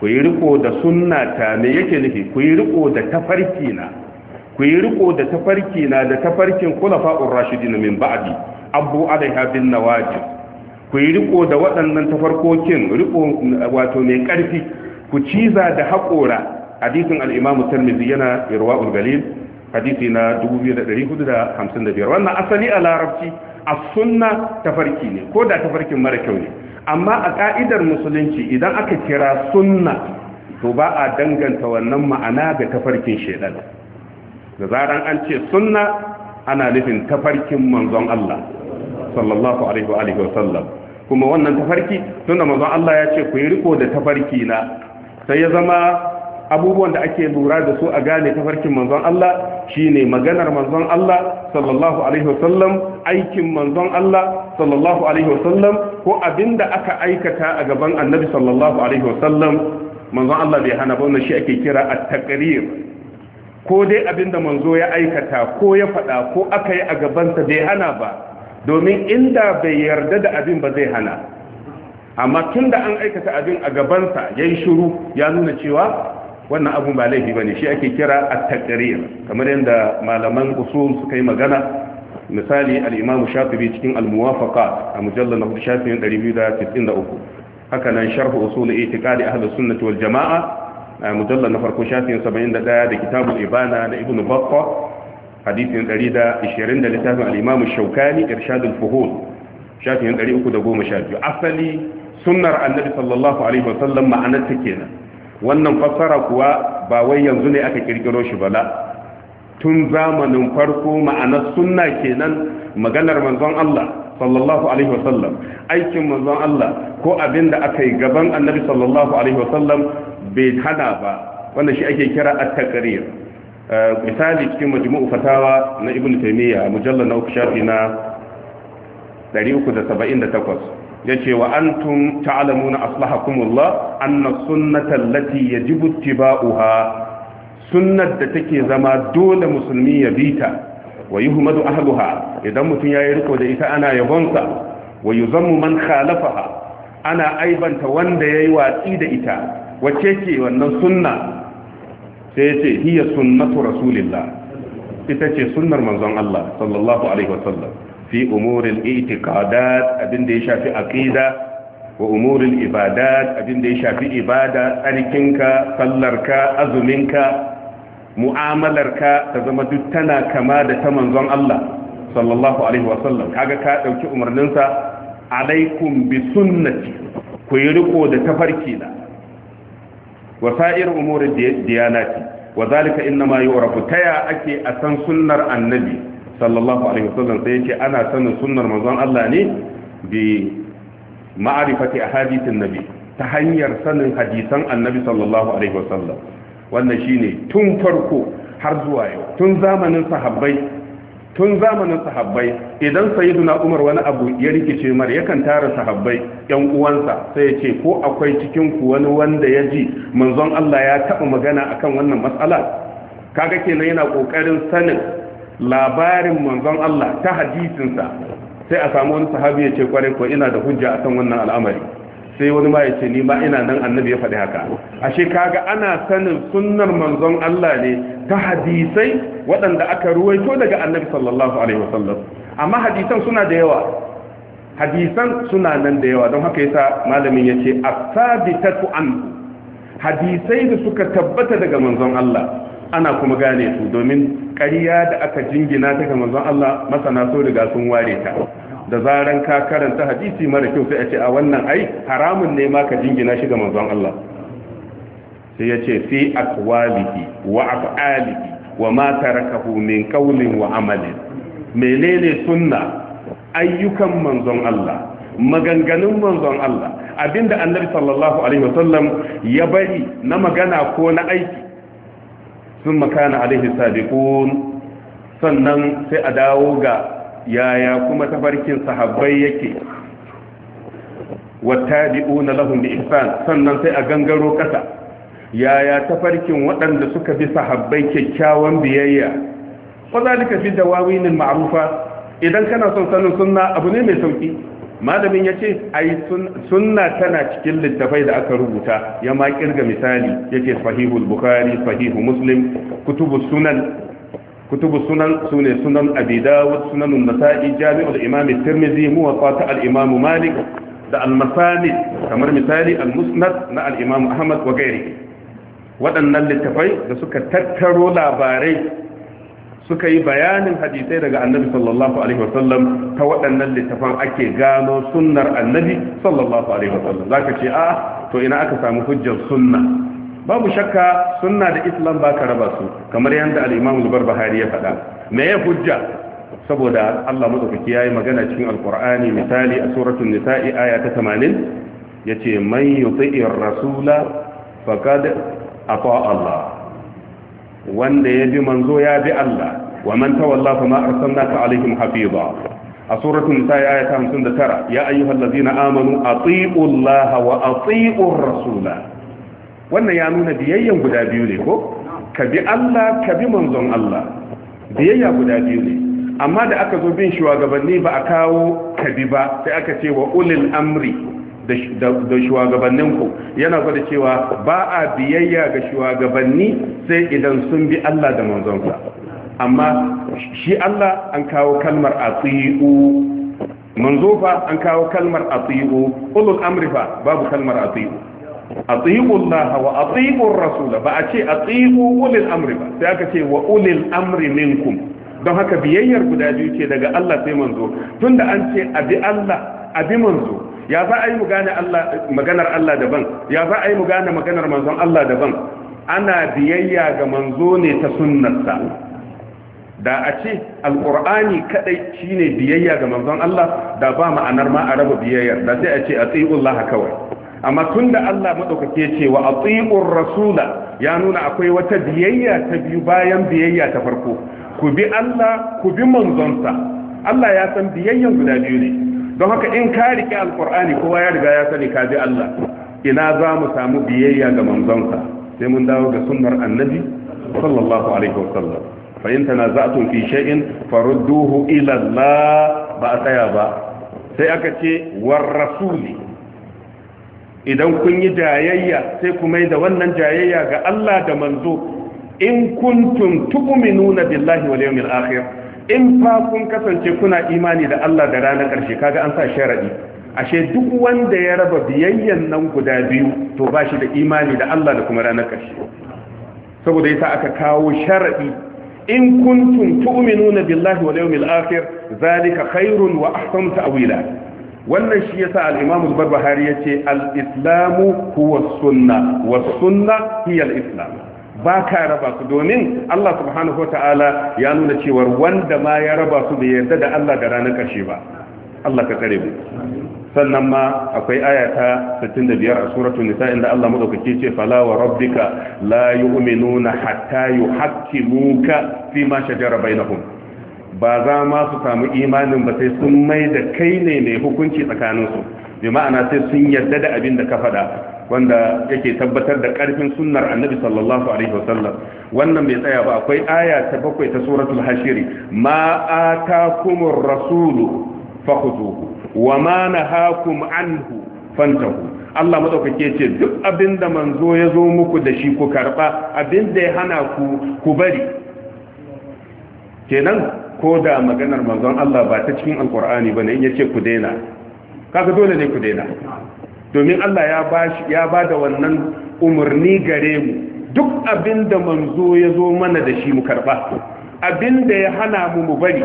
ku yi riko da sunna ta me yake nufi ku yi riko da tafarki na ku yi riko da tafarki na da tafarkin khulafa'ur rashidin min ba'di abu alaiha bin nawajib ku yi riko da waɗannan tafarkokin riko wato mai ƙarfi ku ciza da haƙora hadisin al-imamu tarmizi yana irwaul galil hadisi na 2455 wannan asali a larabci a sunna tafarki ne ko da tafarkin mara kyau ne amma a ka'idar musulunci idan aka kira sunna to ba a danganta wannan ma'ana ga tafarkin shaidan da zaran an ce sunna ana nufin tafarkin manzon Allah sallallahu alaihi wa alihi wa sallam kuma wannan tafarki tunda manzon Allah ya ce ku yi riko da tafarki na sai ya zama abubuwan da ake lura da su a gane tafarkin manzon Allah shine maganar manzon Allah sallallahu alaihi wasallam aikin manzon Allah sallallahu alaihi wasallam ko abinda aka aikata a gaban annabi sallallahu alaihi wasallam manzon Allah bai hana ba wannan shi ake kira at-taqrir ko dai abinda manzo ya aikata ko ya faɗa ko aka yi a gabansa bai hana ba domin inda bai yarda da abin ba zai hana amma tun da an aikata abin a gabansa ya yi shuru ya nuna cewa wannan abu ba laifi bane shi ake kira at-taqrir kamar yadda malaman usul suka yi magana misali al-imam shafi'i cikin al-muwafaqat a mujallal na shafi'in 293 haka nan sharh usul i'tiqadi ahlus sunnah wal jamaa a mujallal na farko shafi'in 71 da kitabul ibana na ibnu battah hadisin 120 da littafin al-imam shaukani irshadul fuhul shafi'in 312 asali sunnar annabi sallallahu alaihi wasallam ma'anar ta kenan wannan fassara kuwa ba wai yanzu ne aka kirkiro shi ba tun zamanin farko ma'anar sunna kenan maganar manzon Allah sallallahu alaihi wasallam aikin manzon Allah ko abin da aka yi gaban annabi sallallahu alaihi wasallam bai hana ba wannan shi ake kira at-taqrir eh, misali cikin majmu'u fatawa na ibn taymiya mujallal na uku shafi na 378 yace wa antum ta'lamuna aslahakumullah anna sunnata allati ji uha. sunnar da take zama dole musulmi ya bita wa yuhmadu ahluha idan mutum ya yi riko da ita ana yabonsa wa yuzammu man ha? ana aibanta wanda yayi watsi da ita wacce ce wannan sunna sai yace hiya sunnatu rasulillah ita ce sunnar manzon Allah sallallahu alaihi sallam. fi umuril itiqadat abin da ya shafi aqida wa umuril ibadat abin da ya shafi ibada tsarkinka sallarka azuminka mu'amalarka ta zama duk tana kama da ta manzon Allah sallallahu alaihi wasallam kaga ka dauki umarninsa alaikum bi sunnati ku yi riko da tafarki na wa sa'ir umuri diyanati wa zalika inma yu'rafu taya ake a san sunnar annabi sallallahu alaihi wasallam sai yace ana sanin sunnar manzon Allah ne bi ma'rifati ahadithin nabi ta hanyar sanin hadisan annabi sallallahu alaihi wasallam wannan shine tun farko har zuwa yau tun zamanin sahabbai tun zamanin sahabbai idan sayyiduna Umar wani abu ya rikice mar yakan tara sahabbai yan uwansa sai ya ce ko akwai cikin ku wani wanda ya ji manzon Allah ya taɓa magana akan wannan matsala kaga kenan yana kokarin sanin labarin manzon Allah ta hadisinsa sai a samu wani sahabi ya ce kwarai ko ina da hujja a san wannan al'amari sai wani ma ya ce ni ma ina nan annabi ya faɗi haka ashe kaga ana sanin sunnar manzon Allah ne ta hadisai waɗanda aka ruwaito daga annabi sallallahu alaihi wasallam amma hadisan suna da yawa hadisan suna nan da yawa don haka yasa malamin ya ce asabitatu an hadisai da suka tabbata daga manzon Allah ana kuma gane su domin ƙarya da aka jingina ta ga manzon Allah masana so daga sun ware ta da zaran ka karanta hadisi mara kyau sai a ce a wannan ai haramun ne ma ka jingina shi ga manzon Allah sai ya ce fi aqwalihi wa af'alihi wa ma tarakahu min qawlin wa amalin menene sunna ayyukan manzon Allah maganganun manzon Allah abinda annabi sallallahu alaihi wasallam ya bari na magana ko na aiki sun makana alaihi sabiqun sannan sai a dawo ga yaya kuma tafarkin sahabbai yake wattabi'una lahum bi ihsan sannan sai a gangaro kasa yaya tafarkin waɗanda suka bi sahabbai kyakkyawan biyayya fa zalika fi dawawinil ma'rufa idan kana son sanin sunna abu ne mai sauki malamin ya ce ai sunna tana cikin littafai da aka rubuta ya ma kirga misali yake sahihul bukhari sahihu muslim kutubu sunan kutubu sunan sune sunan abi dawud sunan nasai jami'ul imam tirmidhi muwatta al-imam malik da al-masanid kamar misali al-musnad na al-imam ahmad wa gairi waɗannan littafai da suka tattaro labarai suka yi bayanin hadisai daga annabi sallallahu alaihi wasallam ta waɗannan littafan ake gano sunnar annabi sallallahu alaihi wasallam zaka ce a ah, to ina aka samu hujjar sunna babu shakka sunna da islam baka raba su kamar yadda al-imam al-barbahari ya faɗa me ya hujja saboda Allah madaukaki yayi magana cikin alqur'ani misali a suratul nisa'i aya ta 80 yace man yuti'ir rasula faqad ata Allah wanda ya bi manzo ya bi Allah wa man tawalla fa ma arsalnaka alaihim hafiza a suratul nisa aya ta 59 ya ayyuhallazina amanu atiiu Allah wa atiiu rasula wannan ya nuna biyayyan guda biyu ne ko ka bi Allah ka bi manzon Allah biyayya guda biyu ne amma da aka zo bin shugabanni ba a kawo ka bi ba sai aka ce wa ulil amri da shugabanninku yana gwada cewa ba a biyayya ga shugabanni sai idan sun bi Allah da manzonsa amma shi Allah an kawo kalmar ati'u manzo fa an kawo kalmar ati'u ulul amri fa babu kalmar ati'u ati'u Allah wa ati'u rasul ba a ce ati'u ulul amri ba sai aka ce wa ulul amri minkum don haka biyayyar guda biyu ce daga Allah sai manzo tunda an ce abi Allah abi manzo ya za a yi maganar Allah daban ya za a yi mu gane maganar manzon Allah daban ana biyayya ga manzo ne ta sunnarsa da a ce alƙur'ani kadai shine biyayya ga manzon Allah da ba ma'anar ma a raba biyayyar da sai a ce a laha kawai amma tun da Allah maɗaukake ce wa a rasula ya nuna akwai wata biyayya ta biyu bayan biyayya ta farko ku bi Allah ku bi manzonsa Allah ya san biyayyan guda biyu ne don haka in ka rike alkur'ani kowa ya riga ya sani ka ji Allah ina za mu samu biyayya ga manzonsa sai mun dawo ga sunnar annabi sallallahu alaihi wasallam fa in tanaza'tum fi shay'in farudduhu ila Allah ba a tsaya ba sai aka ce war rasuli idan kun yi jayayya sai ku mai da wannan jayayya ga Allah da manzo in kuntum tu'minuna billahi wal yawmil akhir in fa kun kasance kuna imani da Allah da ranar ƙarshe kaga an sa sharadi ashe duk wanda ya raba biyayyan nan guda biyu to ba shi da imani da Allah da kuma ranar ƙarshe saboda yasa aka kawo sharadi in kuntum tu'minuna billahi wal yawmil akhir zalika khairun wa ahsanu ta'wila wannan shi yasa al-Imam al-Barbahari yace al-islamu huwa wasunna sunnah sunnah hiya al-islam ba ka raba su domin Allah subhanahu wa ta'ala ya nuna cewar wanda ma ya raba su bai yarda da Allah da ranar ƙarshe ba Allah ka tsare mu sannan ma akwai ayata 65 a suratul nisa inda Allah madaukake ce fala wa rabbika la yu'minuna hatta yuhaqqimuka fi ma shajara bainahum ba za ma su samu imanin ba sai sun mai da kai ne mai hukunci su bi ma'ana sai sun yarda da abin da ka faɗa wanda yake tabbatar da karfin sunnar annabi sallallahu alaihi wasallam wannan bai tsaya ba akwai aya ta bakwai ta suratul hashiri ma atakumur rasulu fakhuzuhu wa ma nahakum anhu fantahu Allah madaukake ce duk abinda manzo ya zo muku da shi ku karba abinda ya hana ku ku bari kenan ko da maganar manzon Allah ba ta cikin alkur'ani bane in yace ku daina kaga dole ne ku daina domin Allah ya ba da wannan umarni gare mu duk abinda manzo ya zo mana da shi mu karba abinda ya hana mu mu bari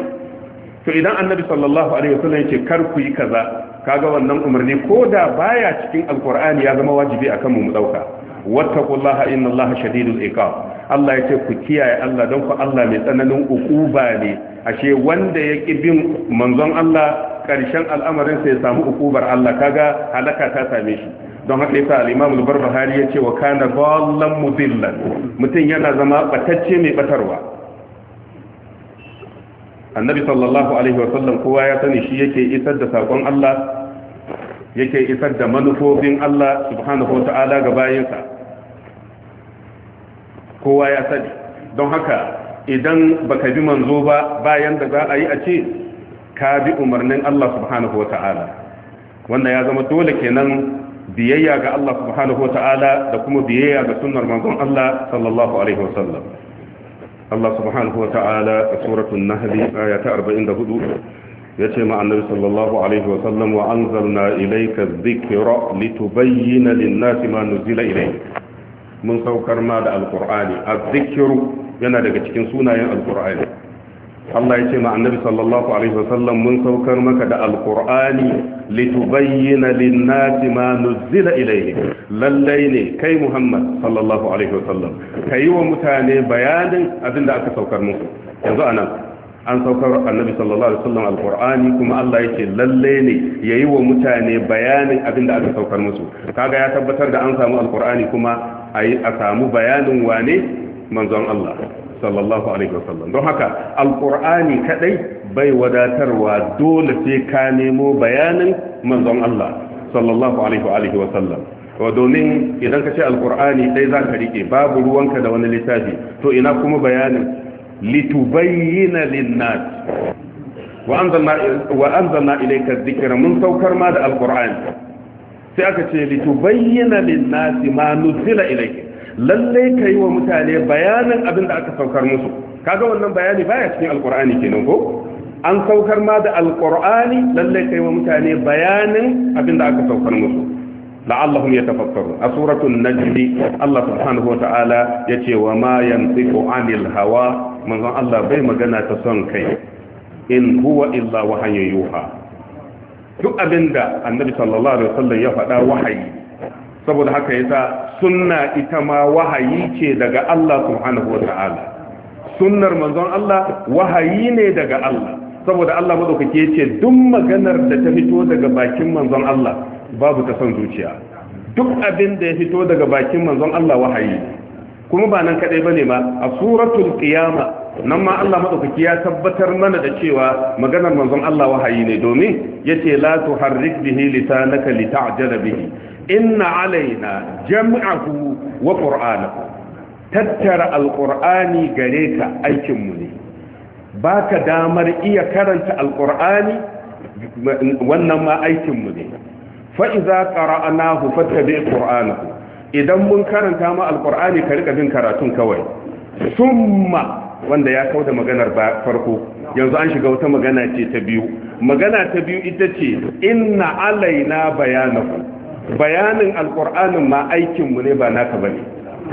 to idan annabi sallallahu alaihi wasallam yake kar ku yi kaza kaga wannan umarni ko da baya cikin alqur'ani ya zama wajibi akan mu mu dauka wattaqullaha innallaha shadidul iqab Allah yace ku kiyaye Allah don ku Allah mai tsananin ukuba ne ashe wanda yake bin manzon Allah karshen al'amarin sai ya samu ukubar Allah kaga halaka ta same shi don haka yasa al-Imam al-Barbahari yace wa kana dallan mudillan mutum yana zama batacce mai batarwa annabi sallallahu alaihi wa sallam kowa ya sani shi yake isar da sakon Allah yake isar da manufofin Allah subhanahu wa ga bayinsa kowa ya sani don haka idan baka bi manzo ba bayan da za a yi a ce ka bi umarnin Allah subhanahu wa ta'ala wanda ya zama dole kenan biyayya ga Allah subhanahu wa ta'ala da kuma biyayya ga sunnar manzon Allah sallallahu alaihi wa sallam Allah subhanahu wa ta'ala a suratul nahl aya ta 44 ya ce ma annabi sallallahu alaihi wa sallam wa anzalna ilayka dhikra litubayyana lin linnati ma nuzila ilayk mun saukar ma da alqur'ani adh zikiru yana daga cikin sunayen alqur'ani Allah ya ce ma annabi sallallahu alaihi wa sallam mun saukar maka da alqur'ani litubayyana lin-nasi ma nuzila ilayhi lallai ne kai Muhammad sallallahu alaihi wa wasallam kai wa mutane bayanin abin da aka saukar musu yanzu anan an saukar annabi sallallahu alaihi wa wasallam alqur'ani kuma Allah ya ce lallai ne yayi wa mutane bayanin abin da aka saukar musu kaga ya tabbatar da an samu alqur'ani kuma a samu bayanin wane manzon Allah sallallahu alaihi wasallam don haka alqur'ani kadai bai wadatarwa dole sai ka nemo bayanin manzon Allah sallallahu alaihi wa alihi wasallam wa domin idan ka ce alqur'ani sai zaka rike babu ruwanka da wani littafi to ina kuma bayanin litubayyana linnas wa anzalna wa anzalna ilayka dhikra mun saukar ma da alqur'ani sai aka ce litubayyana linnasi ma nuzila ilayka Lallai ka yi wa mutane bayanin abin da aka saukar musu kaga wannan bayani baya cikin alkur'ani kenan ko an saukar ma da alkur'ani Lallai ka yi wa mutane bayanin abin da aka saukar musu la'allahum yatafakkarun a suratul najmi Allah subhanahu wa ta'ala yace wa ma yantiqu anil hawa manzon Allah bai magana ta son kai in huwa illa wahyun yuha duk abinda annabi sallallahu alaihi wasallam ya faɗa wahayi saboda haka yasa sunna ita ma wahayi ce daga Allah subhanahu wata'ala sunnar manzon Allah wahayi ne daga Allah saboda Allah madaukake ce duk maganar da ta fito daga bakin manzon Allah babu ta son zuciya duk abin da ya fito daga bakin manzon Allah wahayi kuma ba nan kadai bane ma a suratul qiyama nan ma Allah madaukaki ya tabbatar mana da cewa maganar manzon Allah wahayi ne domin yace la tuharrik bihi lisanaka lita'jala bihi inna alaina jam'ahu wa qur'anahu tattara alqur'ani gare ka aikinmu ne. ne baka damar iya karanta alqur'ani wannan ma aikin mu ne fa idza qara'nahu fattabi qur'anahu idan mun karanta ma alqur'ani ka riƙa bin karatun kawai summa wanda ya da maganar farko yanzu an shiga wata magana ce ta biyu magana ta biyu ita ce inna alaina bayanahu bayanin alkur'anin ma aikinmu ne ba naka ba ne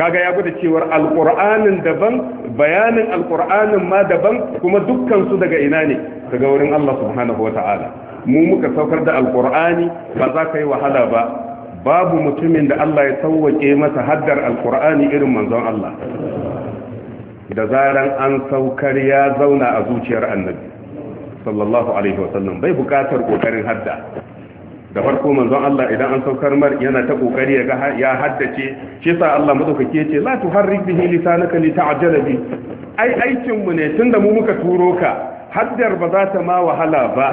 kaga ya gwada cewar alkur'anin daban bayanin alkur'anin ma daban kuma dukkansu daga ina ne daga wurin Allah subhanahu wa ta'ala mu muka saukar da alkur'ani ba za ka yi wahala ba babu mutumin da Allah ya sauwake masa haddar alkur'ani irin manzon Allah da zaran an saukar ya zauna a zuciyar annabi sallallahu alaihi sallam bai buƙatar ƙoƙarin hadda da farko manzon Allah idan an saukar mar yana ta kokari ya ga ya haddace shi yasa Allah madaukake yace la tuharrik bihi lisanaka li ta'jala bi ai aikin mu ne tunda mu muka turo ka haddar ba za ta ma wahala ba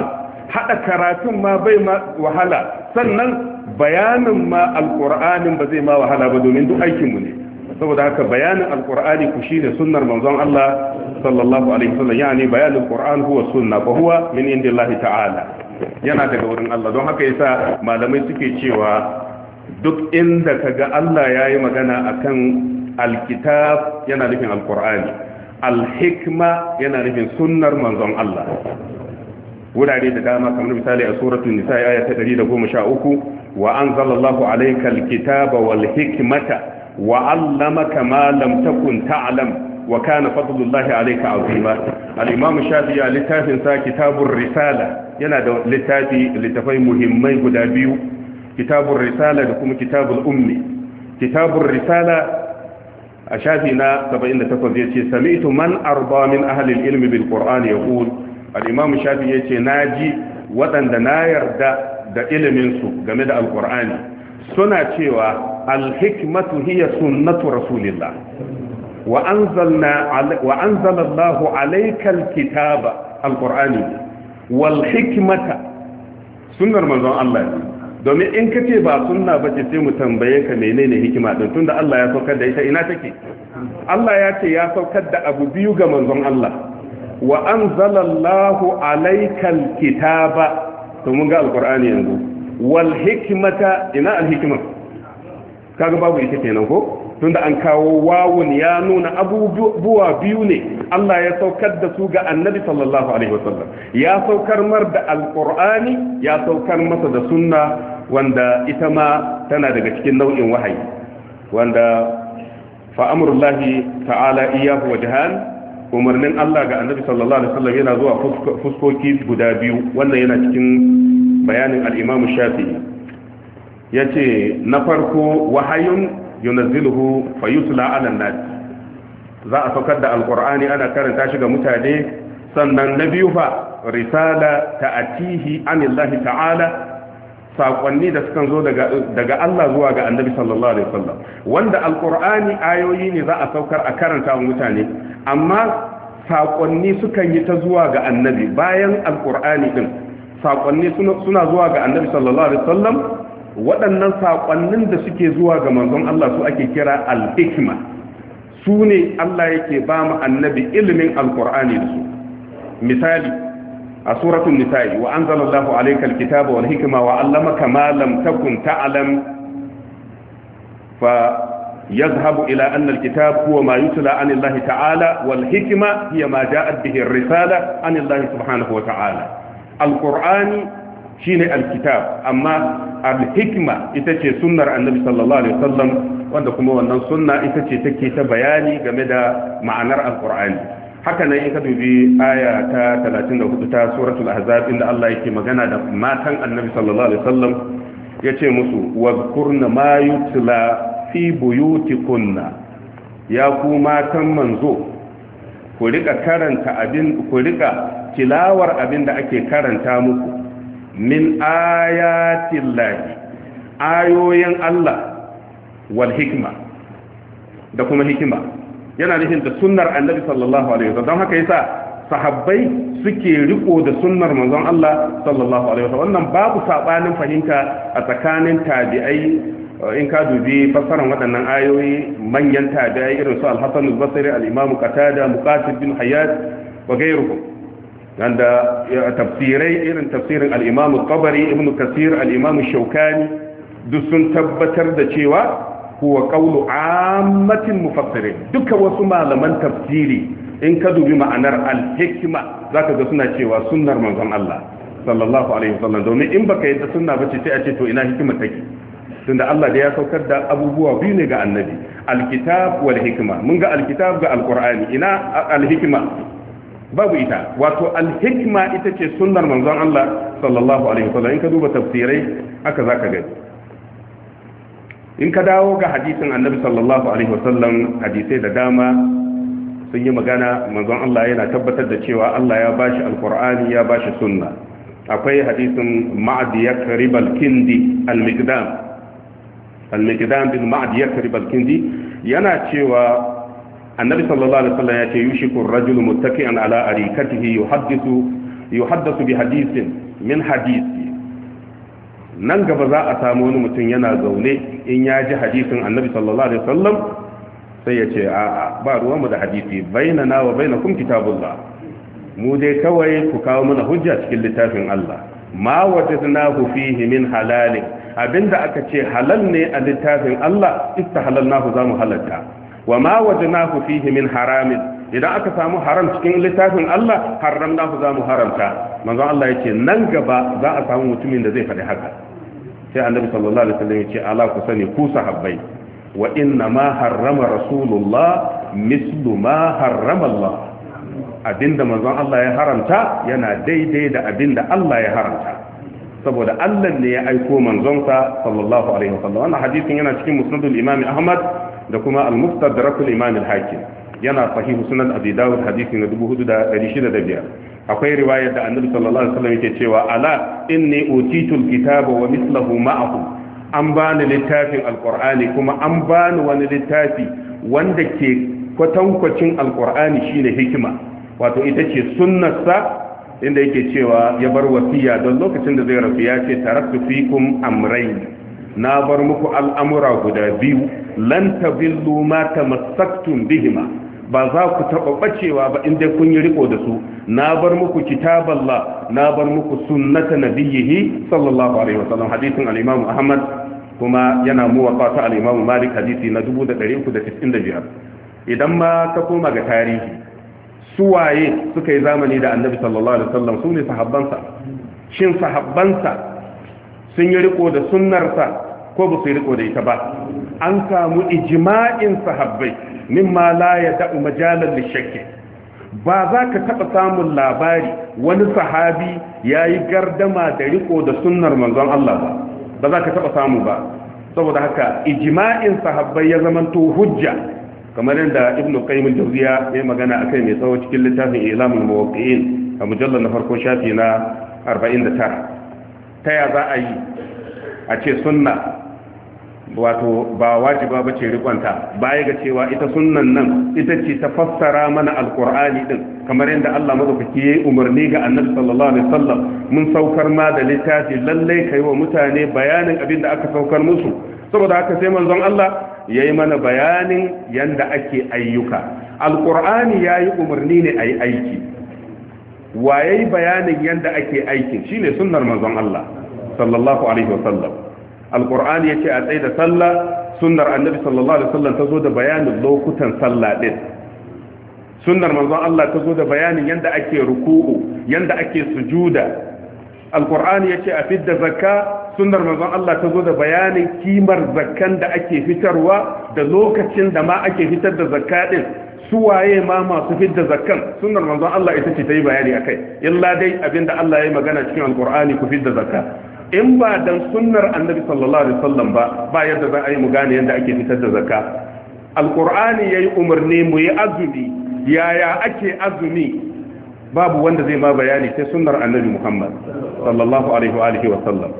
hada karatun ma bai ma wahala sannan bayanin ma alqur'anin ba zai ma wahala ba domin duk aikin mu ne saboda haka bayanin alqur'ani ku shine sunnar manzon Allah sallallahu alaihi wasallam yani bayanin alqur'an huwa sunna fa huwa min indillahi ta'ala yana daga wurin Allah don haka yasa malamai suke cewa duk inda kaga Allah ya yi magana akan alkitab yana nufin alkur'ani alhikma yana nufin sunnar manzon Allah wurare da dama kamar misali a suratul nisa aya ta 113 wa anzalallahu alayka alkitaba wal hikmata wa 'allamaka ma lam takun ta'lam wa kana fadlullahi alayka azima al-imam shafi'i littafin sa kitabur risala yana da littafi littafai muhimmai guda biyu kitabun risala da kuma kitabun ummi kitabun risala a shafi na 78 ya ce sami'tu man arba min ahlil ilmi bil qur'an ya al-imam shafi ya ce ji waɗanda na yarda da iliminsu game da alqur'ani suna cewa alhikmatu, hiya sunnatu rasulillah wa anzalna wa anzala alaykal kitaba alqur'ani wal hikmata sunnar manzon Allah ne domin in ka ce ba sunna ba ce sai mu tambaye ka menene hikima din tunda Allah ya saukar da ita ina take Allah ya ce ya saukar da abu biyu ga manzon Allah wa anzalallahu alaykal kitaba to mun ga alqur'ani yanzu wal hikmata ina al hikma kaga babu ita kenan ko tunda an kawo wawun ya nuna abubuwa biyu ne Allah ya saukar da su ga annabi sallallahu alaihi wasallam ya saukar mar da alqur'ani ya saukar masa da sunna wanda ita ma tana daga cikin nau'in wahayi wanda fa amrullahi ta'ala iyyahu wajhan umarnin Allah ga annabi sallallahu alaihi wasallam yana zuwa fuskoki guda biyu wannan yana cikin bayanin al-Imam Shafi'i yace na farko wahayun yunazziluhu fa yutla ala nas za a saukar da alqur'ani ana karanta shi ga mutane sannan na biyu fa risala ta'atihi anillahi ta'ala sakonni da sukan zo daga Allah zuwa ga annabi sallallahu alaihi wasallam wanda Alƙur'ani ayoyi ne za a saukar a karanta wa mutane amma saƙonni sukan yi ta zuwa ga annabi bayan Alƙur'ani ɗin. sakonni suna zuwa ga annabi sallallahu alaihi wasallam waɗannan saƙonnin da suke zuwa ga manzon Allah su ake kira al-hikma su ne Allah yake ba mu annabi ilimin alkur'ani da su misali a suratun nisa'i wa anzalallahu alaykal kitaba wal hikma wa 'allamaka ma lam takun ta'lam fa يذهب إلى أن الكتاب هو ما يتلى عن الله تعالى والحكمة هي ما جاءت به الرسالة عن الله سبحانه وتعالى القرآن shine alkitab amma alhikma ita ce sunnar annabi sallallahu alaihi wasallam wanda kuma wannan sunna ita ce take ta bayani game da ma'anar alqur'ani haka nan in ka dubi aya ta 34 ta suratul ahzab inda Allah yake magana da matan annabi sallallahu alaihi wasallam yace musu wazkurna ma yutla fi buyutikunna ya ku matan manzo ku rika karanta abin ku rika tilawar abin da ake karanta muku min ayatin lahi ayoyin Allah wal hikma da kuma hikima yana nufin da sunnar annabi sallallahu alaihi wasallam don haka yasa sahabbai suke riko da sunnar manzon Allah sallallahu alaihi wasallam wannan babu sabanin fahimta a tsakanin tabi'ai eh, in ka dubi fassarar waɗannan ayoyi manyan tabi'ai irin su al-Hasan al-Basri al-Imam Qatada Muqatil bin Hayyat wa wanda tafsirai irin tafsirin al-imam qabari ibn kasir al shaukani duk sun tabbatar da cewa kuwa qawlu ammatin mufassirin duka wasu malaman tafsiri in ka dubi ma'anar al za zaka ga suna cewa sunnar manzon Allah sallallahu alaihi wasallam domin in baka yadda sunna bace sai a ce to ina hikima take tunda Allah da ya saukar da abubuwa biyu ne ga annabi alkitab wal hikma mun ga alkitab ga alqur'ani ina alhikma babu ita wato alhikma ita ce sunnar manzon Allah sallallahu alaihi wasallam in ka duba tafsirai haka zaka gani in ka dawo ga hadisin annabi sallallahu alaihi wasallam hadisai da dama sun yi magana manzon Allah yana tabbatar da cewa Allah ya bashi alqur'ani ya bashi sunna akwai hadisin ma'ad yakrib al-kindi al-miqdam al-miqdam bin ma'ad yakrib al-kindi yana cewa annabi sallallahu alaihi wasallam ya ce yushiku rajulu muttaki'an ala arikatihi yuhaddithu yuhaddathu bi hadithin min hadisi nan gaba za a samu wani mutum yana zaune in ya ji hadisin annabi sallallahu alaihi wasallam sai ya ce a'a ba ruwanmu da hadisi bainana wa bainakum kitabullah mu dai kawai ku kawo mana hujja cikin littafin Allah ma wajadnahu fihi min halalin abinda aka ce halal ne a littafin Allah istahalalnahu zamu halalta wa ma wajnahu fihi min haramin idan aka samu haram cikin littafin Allah za zamu haramta manzon Allah yace nan gaba za a samu mutumin da zai faɗi haka sai annabi sallallahu alaihi wasallam yace ala ku sani ku sahabbai wa inna ma harrama rasulullah mislu ma harrama Allah abinda manzon Allah ya haramta yana daidai da abinda Allah ya haramta saboda Allah ne ya aiko manzonsa sallallahu alaihi wasallam wannan hadisin yana cikin musnadul imami Ahmad da kuma al-mustadrakul imam al-hakim yana sahihu sunan abi dawud hadisi na 4605 akwai riwayar da annabi sallallahu alaihi wasallam yake cewa ala inni utitul kitaba wa mithluhu ma'ahu an bani littafin alqur'ani kuma an bani wani littafi wanda ke kwatankwacin alqur'ani shine hikima wato ita ce sunnarsa inda yake cewa ya bar wasiya don lokacin da zai rasu ya ce taraktu fikum amrayn na bar muku al'amura guda biyu lan tabillu ma tamassaktum bihima ba za ku taɓa ɓacewa ba inda kun yi riko da su na bar muku kitaballah na bar muku sunnata na biyihi sallallahu alaihi wasallam hadisin al-imam ahmad kuma yana muwatta ta al-imam malik hadisi na 1395 idan ma ka koma ga tarihi suwaye suka yi zamani da annabi sallallahu alaihi wasallam su ne sahabbansa shin sahabbansa sun yi riko da sunnarsa ko ba su riko da ita ba an samu ijima'in sahabbai mimma la ya da'u majalan lishakki ba za ka taɓa samun labari wani sahabi ya yi gardama da riko da sunnar manzon Allah ba ba za ka taɓa samu ba saboda haka ijma'in sahabbai ya zamanto hujja kamar yadda ibn qayyim al-jawziya ya magana akai mai tsawo cikin littafin ilamul muwaqqi'in a mujallar na farko shafi na 49 ta ya za a yi a ce sunna wato ba wajiba ba ce rikonta baya ga cewa ita sunnan nan ita ce ta fassara mana alkur'ani din kamar yadda Allah madaukaki yayi umarni ga Annabi sallallahu alaihi wasallam mun saukar ma da littafi ka kai wa mutane bayanin abin da aka saukar musu saboda haka sai manzon Allah yayi mana bayanin yanda ake ayyuka alkur'ani yayi umarni ne ayi aiki waye bayanin yadda ake aikin shine sunnar manzon Allah sallallahu alaihi wasallam ya yace a tsaye da sallah sunnar annabi sallallahu alaihi wasallam ta zo da bayanin lokutan sallah din sunnar manzon Allah ta zo da bayanin yanda ake ruku'u yanda ake sujuda ya yace a fidda zakka sunnar manzon Allah ta zo da bayanin kimar zakkan da ake fitarwa da lokacin da ma ake fitar da zakka din su waye ma masu fidda zakkan sunnar manzon Allah ita ce ta yi bayani akai illa dai abinda Allah ya yi magana cikin alkurani ku fidda zakka in ba dan sunnar annabi sallallahu alaihi wasallam ba ba yadda za a yi mu gane yadda ake fitar da zakka alqur'ani yayi umarni mu yi azumi yaya ake azumi babu wanda zai ma bayani sai sunnar annabi muhammad sallallahu alaihi wa alihi wa sallam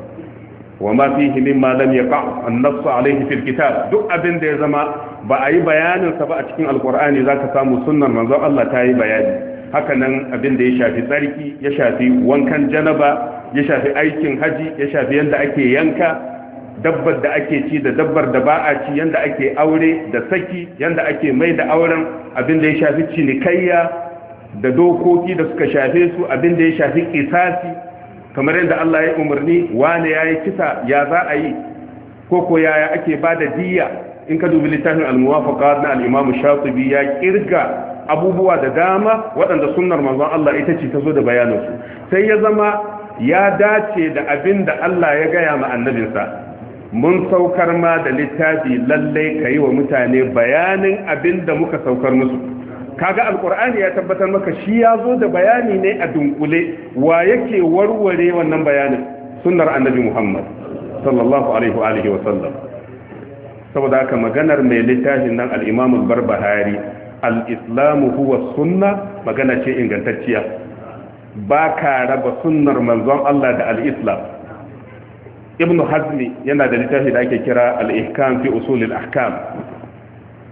wa ma fihi mimma lam yaqa an-nass alaihi fil kitab duk abin da ya zama ba a yi bayanin sa ba a cikin alqur'ani zaka samu sunnar manzon Allah ta yi bayani haka nan abin da ya shafi tsarki ya shafi wankan janaba ya shafi aikin haji ya shafi yadda ake yanka dabbar da ake ci da dabbar da ba a ci yadda ake aure da saki yadda ake mai da auren abin da ya shafi cinikayya da dokoki da suka shafe su abin da ya shafi kisasi kamar yadda Allah ya umarni wane ya yi kisa ya za a yi ko ko yaya ake ba da diya in ka dubi littafin al-muwafaqa na al-imam shatibi ya kirga abubuwa da dama waɗanda sunnar manzon Allah ita ce ta zo da bayanansu sai ya zama ya dace da abin da Allah ya gaya ma annabinsa mun saukar ma da littafi lallai ka yi wa mutane bayanin abin da muka saukar musu kaga alkur'ani ya tabbatar maka shi ya zo da bayani ne a dunkule wa yake warware wannan bayanin sunnar annabi muhammad sallallahu alaihi wa alihi wa sallam saboda haka maganar mai littafin nan al-imam al-barbahari al-islamu huwa sunna magana ce ingantacciya ba ka raba sunnar manzon Allah da al-islam ibnu hazmi yana da littafi da ake kira al-ihkam fi usul ahkam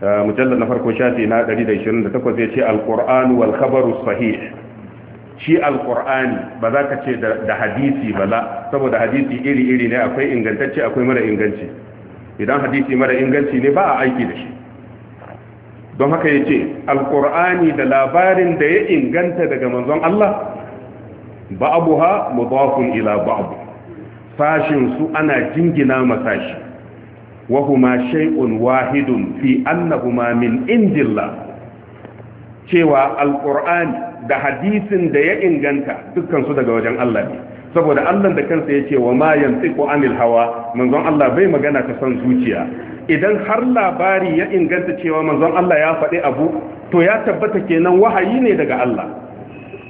uh, mujallad na farko shafi na 128 yace al-qur'an wal khabaru sahih shi al-qur'ani ba za ka ce da hadisi ba la saboda hadisi iri-iri ne akwai ingantacce akwai mara inganci idan hadisi mara inganci ne ba a aiki da shi don haka ya ce alkur'ani da labarin da ya inganta daga manzon Allah ba'abuha mudafun ila ba'abu Fashinsu su ana jingina masashi wa shay'un wahidun fi annahuma min indillah cewa alqur'ani da hadisin da ya inganta dukansu daga wajen Allah ne saboda Allah da kansa yace wa ma yantiqu anil hawa manzon Allah bai magana ta san zuciya idan har labari ya inganta cewa manzon Allah ya faɗi abu to ya tabbata kenan wahayi ne daga Allah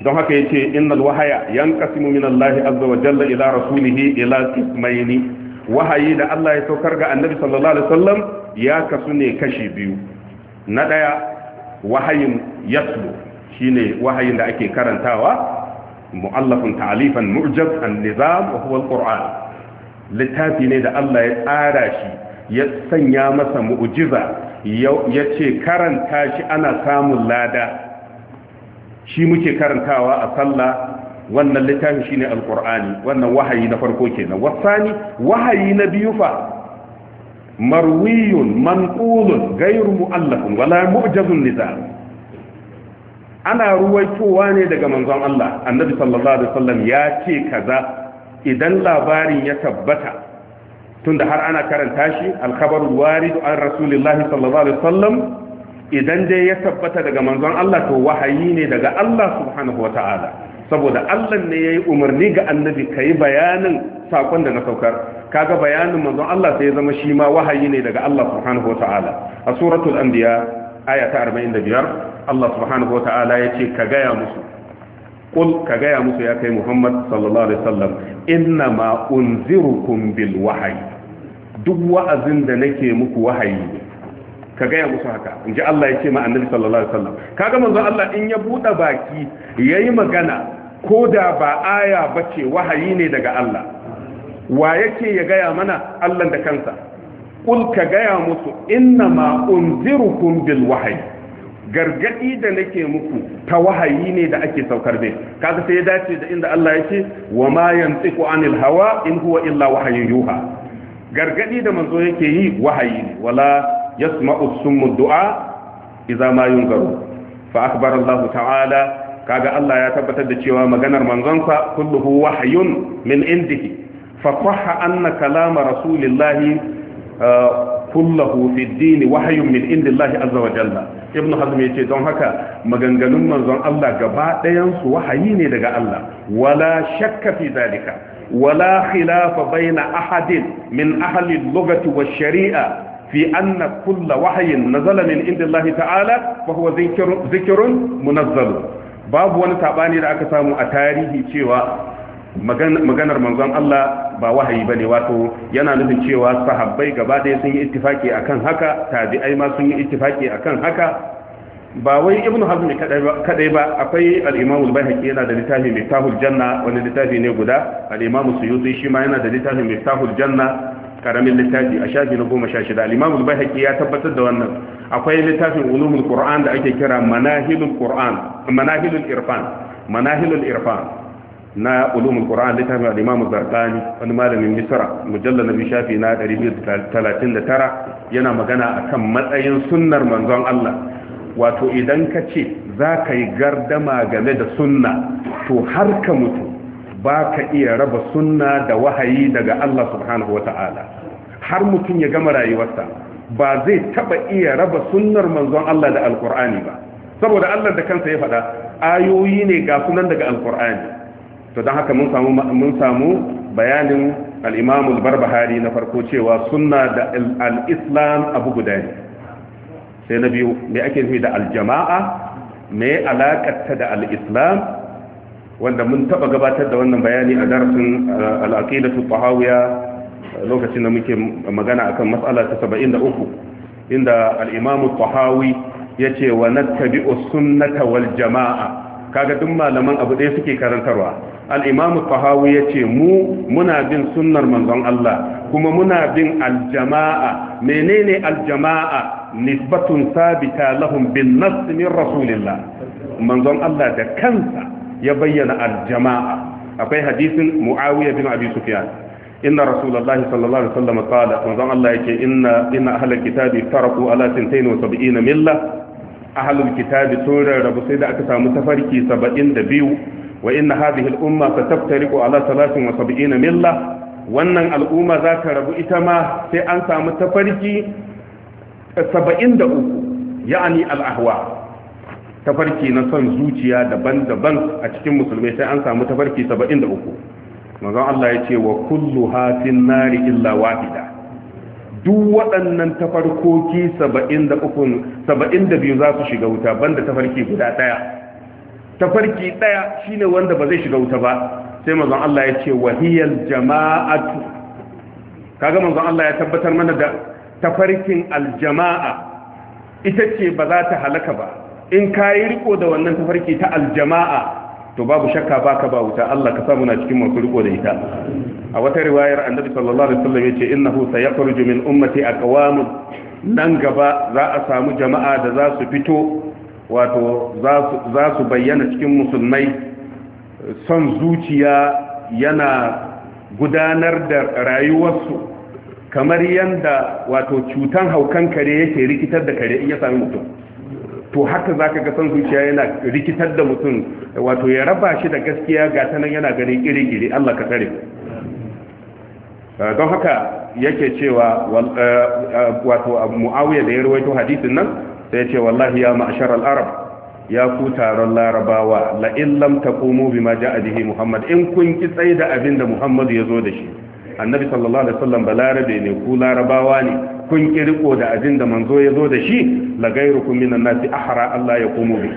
don haka yace innal wahaya yanqasimu min Allah azza wa jalla ila rasulihi ila qismaini wahayi da Allah ya saukar ga annabi sallallahu alaihi wasallam ya kasu ne kashi biyu na daya wahayin yaslu shine wahayin da ake karantawa mu'allafun ta'alifan mu'jaz an-nizam wa huwa al-qur'an littafi ne da Allah ya tsara shi ya sanya masa mu'jiza ya ce karanta shi ana samun lada shi muke karantawa a sallah wannan littafin shine alqur'ani wannan wahayi na farko kenan wasani wahayi na biyu fa marwiyun manqulun ghayru mu'allafun wala mu'jazun nizal ana ruwaitowa ne daga manzon Allah annabi sallallahu alaihi wasallam ya ce kaza idan labarin ya tabbata tunda har ana karanta shi alkhabarul warid an rasulillahi sallallahu alaihi wasallam idan dai ya tabbata daga manzon Allah to wahayi ne daga Allah subhanahu wa ta'ala saboda Allah ne ya yi umarni ga annabi ka yi bayanin sakon da na saukar kaga bayanin manzon Allah sai ya zama shi ma wahayi ne daga Allah subhanahu wa ta'ala a suratul anbiya aya ta 45 Allah subhanahu wa ta'ala ya ce ka gaya musu ka gaya musu ya kai Muhammad sallallahu alaihi wasallam inna ma unzirukum bil wahyi duk wa'azin da nake muku wahayi ka gaya musu haka in ji Allah ya ce ma annabi sallallahu alaihi wasallam kaga manzo Allah in ya bude baki yayi magana ko da ba aya bace wahayi ne daga Allah wa yake ya gaya mana Allah da kansa kul ka gaya musu inna ma unzirukum bil wahyi gargadi da nake muku ta wahayi ne da ake saukar ne kaga sai ya dace da inda Allah yake wa ma yantiqu anil hawa in huwa illa wahyun yuha gargadi da manzo yake yi wahayi ne wala yasma'u summu du'a idza ma yunkaru fa akhbara Allah ta'ala kaga Allah ya tabbatar da cewa maganar manzonsa kulluhu wahyun min indihi fa sahha anna kalama rasulillahi uh, kullahu fi ad min indillahi azza wa jalla ibn hazm yace don haka maganganun manzon Allah gaba ɗayan su wahayi ne daga Allah wala shakka fi wala khilafa baina ahadin min ahli al-lughati sharia fi anna kulla wahayin nazala inda indillahi ta'ala fa huwa zikrun babu wani sabani da aka samu a tarihi cewa maganar manzon Allah ba wahayi bane wato yana nufin cewa sahabbai gaba ɗaya sun yi ittifaki akan haka tabi'ai ma sun yi ittifaki akan haka ba wai ibn hazm kadai ba akwai al-imam al-baihaqi yana da littafi tahul janna wani littafi ne guda al-imam suyuti shi ma yana da littafi tahul janna karamin littafi a shafi na goma sha shida al-imamul ya tabbatar da wannan akwai littafin ulumul qur'an da ake kira manahilul qur'an manahilul irfan manahilul irfan na ulumul qur'an littafin al-imam zarqani wani malamin misra mujallal nabi shafi na 239 yana magana akan matsayin sunnar manzon Allah wato idan ka ce za ka yi gardama game da sunna to har ka mutu ba ka iya raba sunna da wahayi daga Allah subhanahu wa ta'ala har mutum ya gama rayuwarsa ba zai taba iya raba sunnar manzon Allah da alkur'ani ba saboda Allah da kansa ya faɗa ayoyi ne ga sunan daga alkur'ani to don haka mun samu mun samu bayanin al-Imam al-Barbahari na farko cewa sunna da al-Islam abu guda ne sai na biyu me ake nufi da al-jama'a me alakarta da al-Islam wanda mun taba gabatar da wannan bayani a darasin eh, al'aqidatu tahawiya eh, lokacin da muke magana akan matsala ta 73 inda Al'imamu imam ya yace wa nattabi'u sunnata wal jama'a kaga duk malaman abu ɗaya suke karantarwa al-imam ya yace mu muna bin sunnar manzon Allah kuma muna bin aljama'a. menene aljama'a nisbatun sabita lahum bin nass min rasulillah manzon Allah da kansa ya bayyana aljama'a akwai hadisin muawiya bin abi sufyan inna rasulullahi sallallahu alaihi wasallam qala manzon Allah yake inna inna ahlul kitabi taraku ala 72 milla ahlul kitabi sun rabu, sai da aka samu tafarki 72 wa inna hadhihi al-umma sataftariqu ala 73 milla wannan al'umma za ta rabu ita ma sai an samu tafarki 73 ya'ani al-ahwa tafarki na son zuciya daban-daban a cikin musulmai sai an samu tafarki 73 manzon Allah ya ce wa kullu hafin nari illa wahida duk waɗannan tafarkoki 72 za su shiga wuta banda tafarki guda ɗaya tafarki ɗaya shine wanda ba zai shiga wuta ba sai manzon Allah ya ce wahiyal jama'atu kaga manzon Allah ya tabbatar mana da tafarkin aljama'a ita ce ba za ta halaka ba in ka yi riko da wannan tafarki ta aljama'a to babu shakka baka ba wuta Allah ka samu na cikin masu riko da ita a wata riwayar annabi sallallahu alaihi wasallam yace innahu sayakhruju min ummati aqwam nan gaba za a samu jama'a da za su fito wato za su bayyana cikin musulmai son zuciya yana gudanar da rayuwarsu kamar yanda wato cutan haukan kare yake rikitar da kare in ya sami mutum to haka za ka ga son zuciya yana rikitar da mutum wato ya raba shi da gaskiya ga ta nan yana ganin iri-iri allah ka tare. Ah, don haka yake cewa ah, ah, wato mu'awiya da ya rawaito hadisin nan sai ya ce wallahi ya ma'ashar al'arab ya ku taron larabawa la'in lam taqumu bima ja'a bihi muhammad in kun ki tsaye da abin da muhammad ya zo da shi annabi sallallahu alaihi wasallam balarabe ne ku larabawa ne kun ki riko da abin da manzo ya zo da shi la gairukum minan nasi ahra Allah ya qumu bi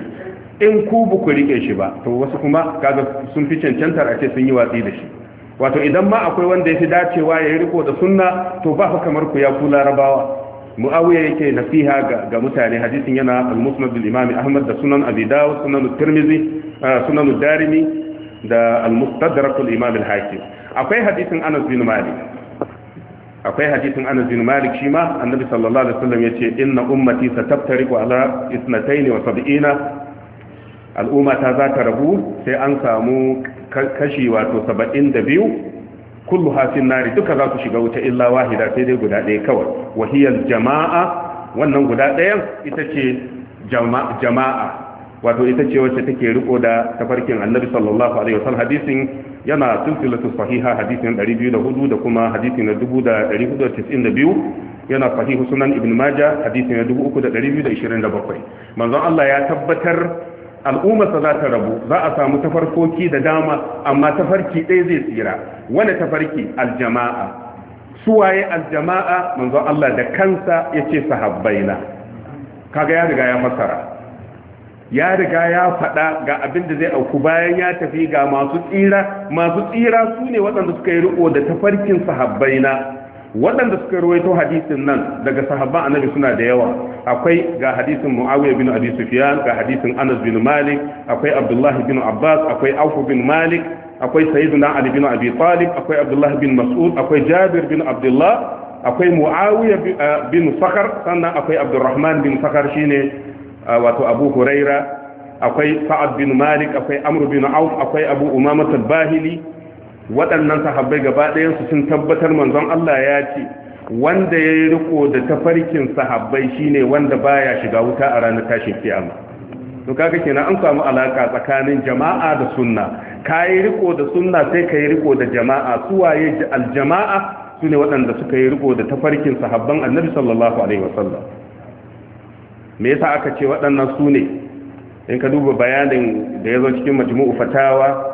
in ku bu ku rike shi ba to wasu kuma kaga sun fi cancantar a ce sun yi watsi da shi wato idan ma akwai wanda ya fi dacewa ya yi riko da sunna to ba fa kamar ku ya ku larabawa muawiya yake nasiha ga mutane hadisin yana al-musnad al-imam ahmad da sunan abi dawud sunan tirmidhi uh, sunan darimi da al-mustadrak al-imam al-hakim akwai hadisin anas bin malik akwai hadisin Anas bin Malik shi ma Annabi sallallahu alaihi wasallam yace inna ummati sataftariqu ala sab'ina. al'umma ta za ta rabu sai an samu kashi wato 72 kullu hafin nari duka za su shiga wuta illa wahida sai dai guda ɗaya kawai wahiyar jama'a wannan guda ɗayan ita ce jama'a wato ita ce wacce take riko da tafarkin annabi sallallahu alaihi wasallam hadisin yana silsilatu sahiha hadisin 204 da kuma hadisin na 492 yana sahihu sunan ibn maja hadisin na 3227 manzon Allah ya tabbatar sa za ta rabu za a samu tafarkoki da dama amma tafarki ɗaya zai tsira wani tafarki aljama'a suwaye aljama'a manzon Allah da kansa ya ce sahabbaina kaga ya riga ya fassara. ya riga ya faɗa ga abin da zai auku bayan ya tafi ga masu tsira masu tsira su ne waɗanda suka yi riƙo da tafarkin sahabbai na waɗanda suka ruwaito hadisin nan daga sahabban annabi suna da yawa akwai ga hadisin muawiya bin abi sufyan ga hadisin anas bin malik akwai abdullahi bin abbas akwai auf bin malik akwai sayyiduna ali bin abi talib akwai abdullahi bin mas'ud akwai jabir bin abdullah akwai muawiya eh, bin sakhar sannan akwai abdurrahman bin Fakar shine wato abu huraira akwai Fa'ad bin malik akwai amr bin auf akwai abu umama al-bahili waɗannan sahabbai gaba ɗayan su sun tabbatar manzon Allah ya ce wanda ya riko da tafarkin sahabbai shine wanda baya shiga wuta a ranar tashin kiyama to kaga kenan an samu alaka tsakanin jama'a da sunna kai riko da sunna sai kai riko da jama'a Su al-jama'a sune waɗanda suka yi riko da tafarkin sahabban annabi sallallahu alaihi wasallam me yasa aka ce waɗannan su ne in ka duba bayanin da ya zo cikin majmu'u fatawa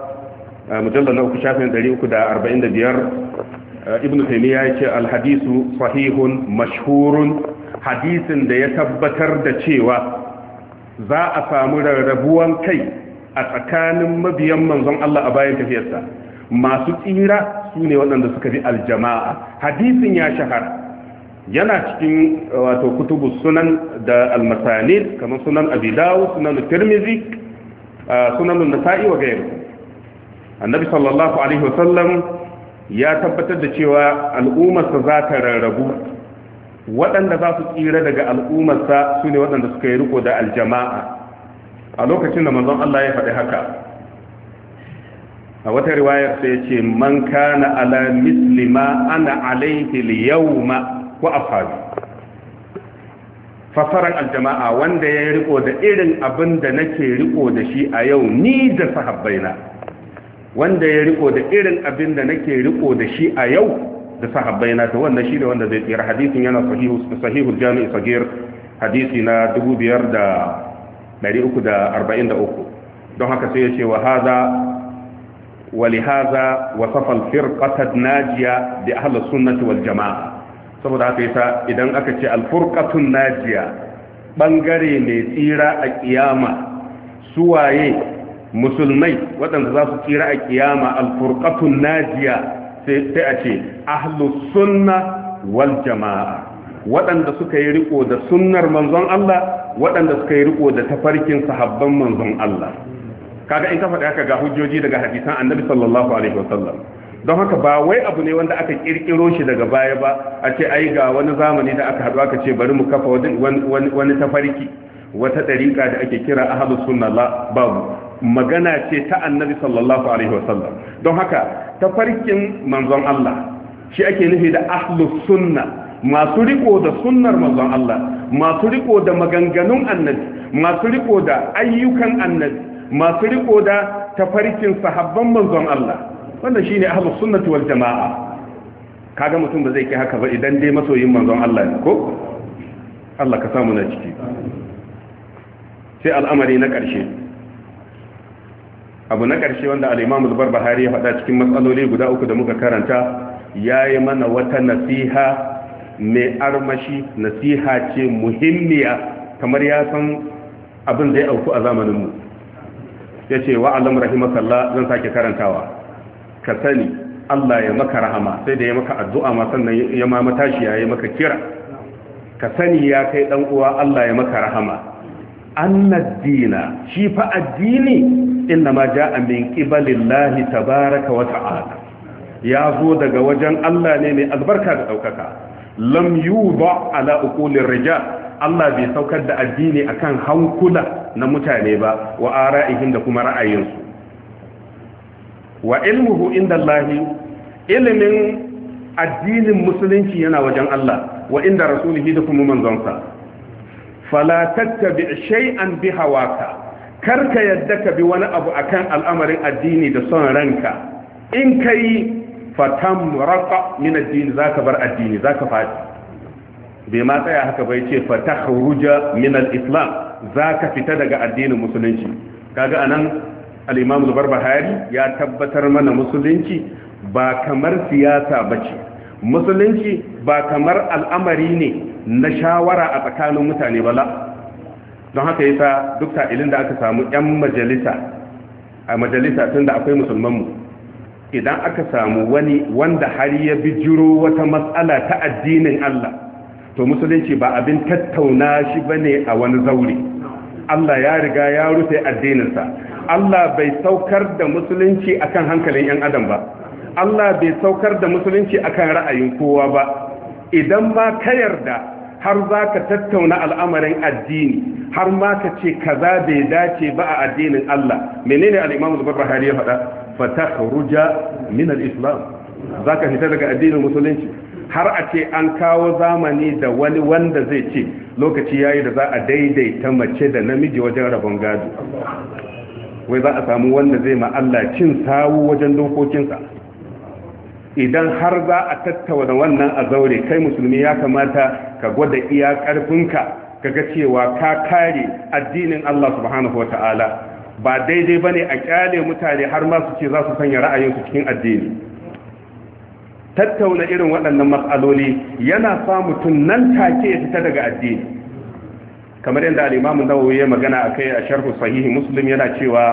mujalla na uku shafin 345 ibn taymiya ya ce alhadisu sahihun mashhurun hadisin da ya tabbatar da cewa za a samu rarrabuwan kai a tsakanin mabiyan manzon Allah a bayan tafiyarsa masu tsira su ne waɗanda suka bi aljama'a hadisin ya shahara yana cikin eh, wato kutubu sunan da almasanid kamar sunan Abidawu, sunan tirmizi eh, sunan nasa'i wa gairu annabi sallallahu alaihi wasallam ya tabbatar da cewa al'ummarsa za ta rarrabu waɗanda za su tsira daga al'ummarsa su ne waɗanda suka yi riko da aljama'a a lokacin da manzon Allah ya faɗi haka a wata riwayar sai ya ce man kana ala mislima ana alaihi liyawma wa ashabi fasaran aljama'a wanda ya riko da irin abin da nake riko da shi a yau ni da sahabbaina wanda ya riko da irin abin da nake riko da shi a yau da sahabbaina to wannan shi da wanda zai tsira hadisin yana sahihu sahihu jami'i sagir hadisi na 2343 don haka sai ya ce wa hadha ولهذا وصف الفرقة الناجية بأهل السنة والجماعة saboda haka yasa idan aka ce alfurkatun najiya bangare mai tsira a kiyama suwaye musulmai waɗanda za su tsira a kiyama alfurkatun najiya sai a ce ahlus sunna wal jama'a waɗanda suka yi riko da sunnar manzon Allah waɗanda suka yi riko da tafarkin sahabban manzon Allah kaga in ka faɗi haka ga hujjoji daga hadisan annabi sallallahu alaihi wasallam don haka ba wai abu ne wanda aka kirkiro shi daga baya ba a ce ai ga wani zamani da aka haɗu aka ce bari mu kafa wani tafarki wata ɗariƙa da ake kira ahalus sunna la babu magana ce ta annabi sallallahu alaihi wasallam don haka tafarkin manzon Allah shi ake nufi da ahlus sunna masu riko da sunnar manzon Allah masu riko da maganganun annabi masu riko da ayyukan annabi masu riko da tafarkin sahabban manzon Allah wannan shine ahlu sunnati wal jamaa kaga mutum ba zai ki haka ba idan dai masoyin manzon Allah ne ko Allah ka samu na ciki sai al'amari na ƙarshe abu na ƙarshe wanda al-Imam al-Barbahari ya faɗa cikin matsaloli guda uku da muka karanta yayi mana wata nasiha mai armashi nasiha ce muhimmiya kamar ya san abin da ya auku a zamanin mu yace wa alam rahimakallah zan sake karantawa ka sani Allah ya maka rahama sai da ya maka addu'a ma sannan ya ma matashi ya yi maka kira ka sani ya kai dan uwa Allah ya maka rahama annad dina shi fa addini inna ma jaa min qibalillahi tabaaraka wa ta'ala ya zo daga wajen Allah ne mai albarka da daukaka lam yuba ala uqulir rijal Allah bai saukar da addini akan hankula na mutane ba wa ara'ihim da kuma ra'ayinsu wa ilmuhu inda Allahi ilimin addinin musulunci yana wajen Allah wa inda rasulihi da kuma manzonsa fala tattabi shay'an bi hawaka karka yadda ka bi wani abu akan al'amarin addini da son ranka in kai fatam raqa min addini zaka bar addini zaka fadi bai ma tsaya haka bai ce fatakhruja min al-islam zaka fita daga addinin musulunci kaga anan al-imam al ya tabbatar mana musulunci ba kamar siyasa bace musulunci ba kamar al'amari ne na shawara a tsakanin mutane ba la don haka yasa duk sa'ilin da aka samu yan majalisa a majalisa tunda akwai musulmanmu idan aka samu wani wanda har ya bijiro wata matsala ta addinin Allah to musulunci ba abin tattauna shi bane a wani zaure Allah ya riga ya rufe addininsa Allah bai saukar da musulunci akan hankalin 'yan adam ba Allah bai saukar da musulunci akan ra'ayin kowa ba idan ba ka yarda har za ka tattauna al'amarin addini har ma ka ce kaza bai dace ba a addinin Allah menene al-Imam Zubair ya faɗa fatakhruja min al-Islam zaka fita daga addinin musulunci har a ce an kawo zamani da wani wanda zai ce lokaci yayi da za a daidaita mace da namiji wajen rabon gado wai za a samu wanda zai ma Allah cin sawu wajen dokokinsa idan har za a tattauna wannan a zaure kai musulmi ya kamata ka gwada iya karfinka ga cewa ka kare addinin Allah subhanahu ta'ala ba daidai ba ne a kyale mutane har ma su ce za su sanya ra'ayinsu cikin addini tattauna irin waɗannan matsaloli yana sa mutum nan take ya fita daga addini kamar yadda al-Imam Nawawi ya magana akai a sharh sahihi Muslim yana cewa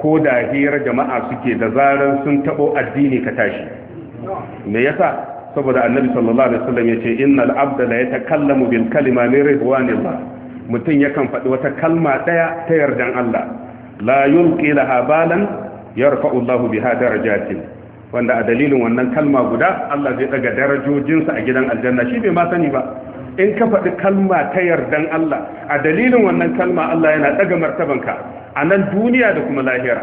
ko da hirar jama'a suke da zarar sun tabo addini ka tashi me yasa saboda annabi sallallahu alaihi wasallam yace innal abda la yatakallamu bil kalima min ridwanillah yakan faɗi wata kalma daya ta yardan Allah la yulqi laha balan yarfa'u Allahu biha darajatin wanda a dalilin wannan kalma guda Allah zai daga darajojinsa a gidan aljanna shi bai ma sani ba in ka faɗi kalma ta yardan Allah a dalilin wannan kalma Allah yana ɗaga martabanka a nan duniya da kuma lahira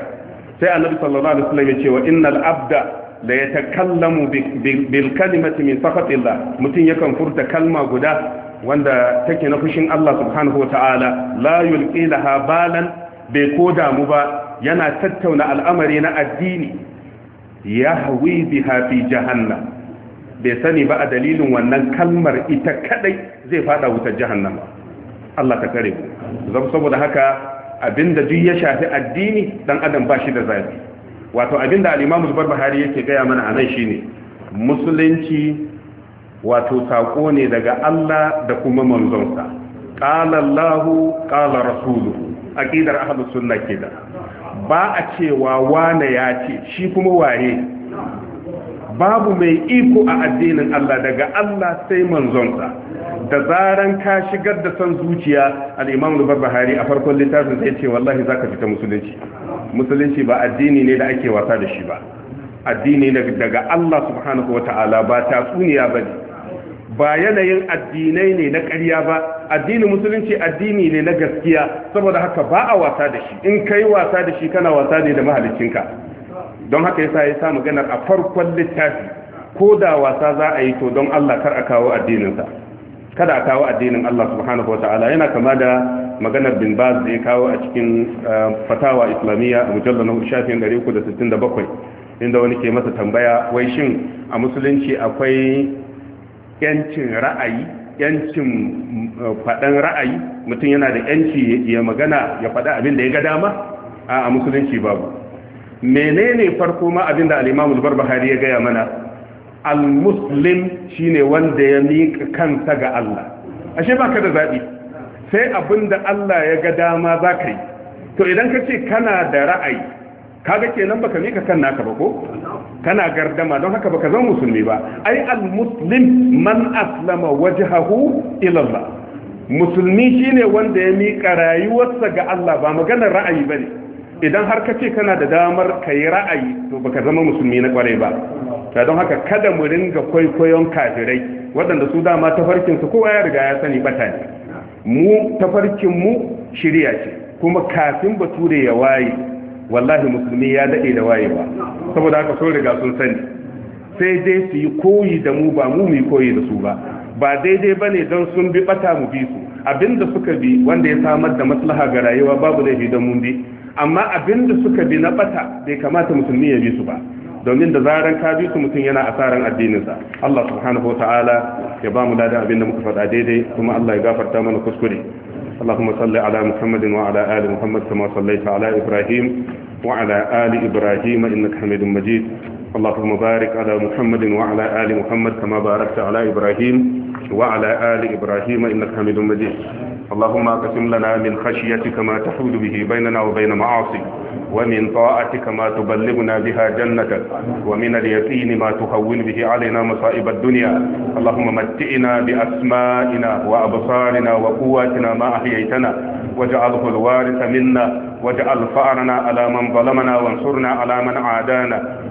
sai annabi sallallahu alaihi wasallam ya ce wa innal abda la yatakallamu bil kalimati min sakhatillah mutum yakan furta kalma guda wanda take na fushin Allah subhanahu wa ta'ala la yulqi laha balan bai ko damu ba yana tattauna al'amari na addini yahwi biha fi jahannam bai sani ba a dalilin wannan kalmar ita kadai zai fada wutar jahannama Allah ta kare zan saboda haka abinda duk ya shafi addini dan adam ba shi da zafi wato abinda al-Imam Zubair Buhari yake gaya mana anan shine musulunci wato sako ne daga Allah da kuma manzonsa qala Allahu qala rasuluhu aqidar ahlus sunna kida ba a cewa wane ya ce shi kuma waye babu mai iko a addinin Allah daga Allah sai manzonsa da zaran ka shigar da son zuciya al-Imam al-Barbahari a farkon littafin sai ce wallahi zaka fita musulunci musulunci ba addini ne da ake wasa da shi ba addini ne daga Allah subhanahu wataala ba ta tsuniya ba ba yanayin addinai ne na ƙarya ba addinin musulunci addini ne na gaskiya saboda haka ba a wasa da shi in kai wasa da shi kana wasa ne da mahaliccinka don haka yasa ya sa maganar a farkon littafi ko da wasa za a yi to don Allah kar a kawo addinin sa kada a kawo addinin Allah subhanahu wataala yana kama da maganar bin baz da ya kawo a cikin eh, fatawa islamiyya a mujallar na shafin 367 inda wani ke masa tambaya wai shin a musulunci akwai yancin ra'ayi yancin eh, faɗan ra'ayi mutum yana da yanci ya magana ya faɗa abin da ya ga dama a musulunci babu menene farko ma abinda al al barbahari ya gaya mana al-muslim shine wanda ya miƙa kansa ga Allah ashe baka da zabi sai abinda Allah ya ga dama zaka yi to idan ka ce kana da ra'ayi kaga kenan baka miƙa kan naka ba ko kana gardama don haka baka zama musulmi ba ai al-muslim man aslama wajhahu ila Allah musulmi shine wanda ya miƙa rayuwarsa ga Allah ba maganar ra'ayi bane idan har ka ce kana da damar ka yi ra'ayi to baka zama musulmi na kwarai ba ta don haka kada mu ringa kwaikwayon kafirai waɗanda su dama tafarkinsu kowa ya riga ya sani bata ne mu tafarkinmu shirya ce kuma kafin bature ya waye wallahi musulmi ya daɗe da wayewa saboda haka sun riga sun sani sai dai su yi koyi da mu ba mu mu koyi da su ba ba daidai ba ne don sun bi bata mu bi su abinda suka bi wanda ya samar da maslaha ga rayuwa babu laifi don mun bi amma abinda suka bi na bata bai kamata musulmi ya bi su ba domin da zaran ka bi su mutum yana asaran addininsa Allah subhanahu wa ta'ala ya ba mu ladan abin da muka faɗa daidai kuma Allah ya gafarta mana kuskure اللهم صل على محمد وعلى آل محمد كما صليت على إبراهيم وعلى آل إبراهيم إنك حميد مجيد اللهم بارك على محمد وعلى آل محمد كما باركت على إبراهيم وعلى آل إبراهيم إنك حميد مجيد اللهم اقسم لنا من خشيتك ما تحول به بيننا وبين معاصيك ومن طاعتك ما تبلغنا بها جنتك ومن اليقين ما تهون به علينا مصائب الدنيا اللهم متئنا بأسمائنا وأبصارنا وقواتنا ما أحييتنا واجعله الوارث منا واجعل فأرنا على من ظلمنا وانصرنا على من عادانا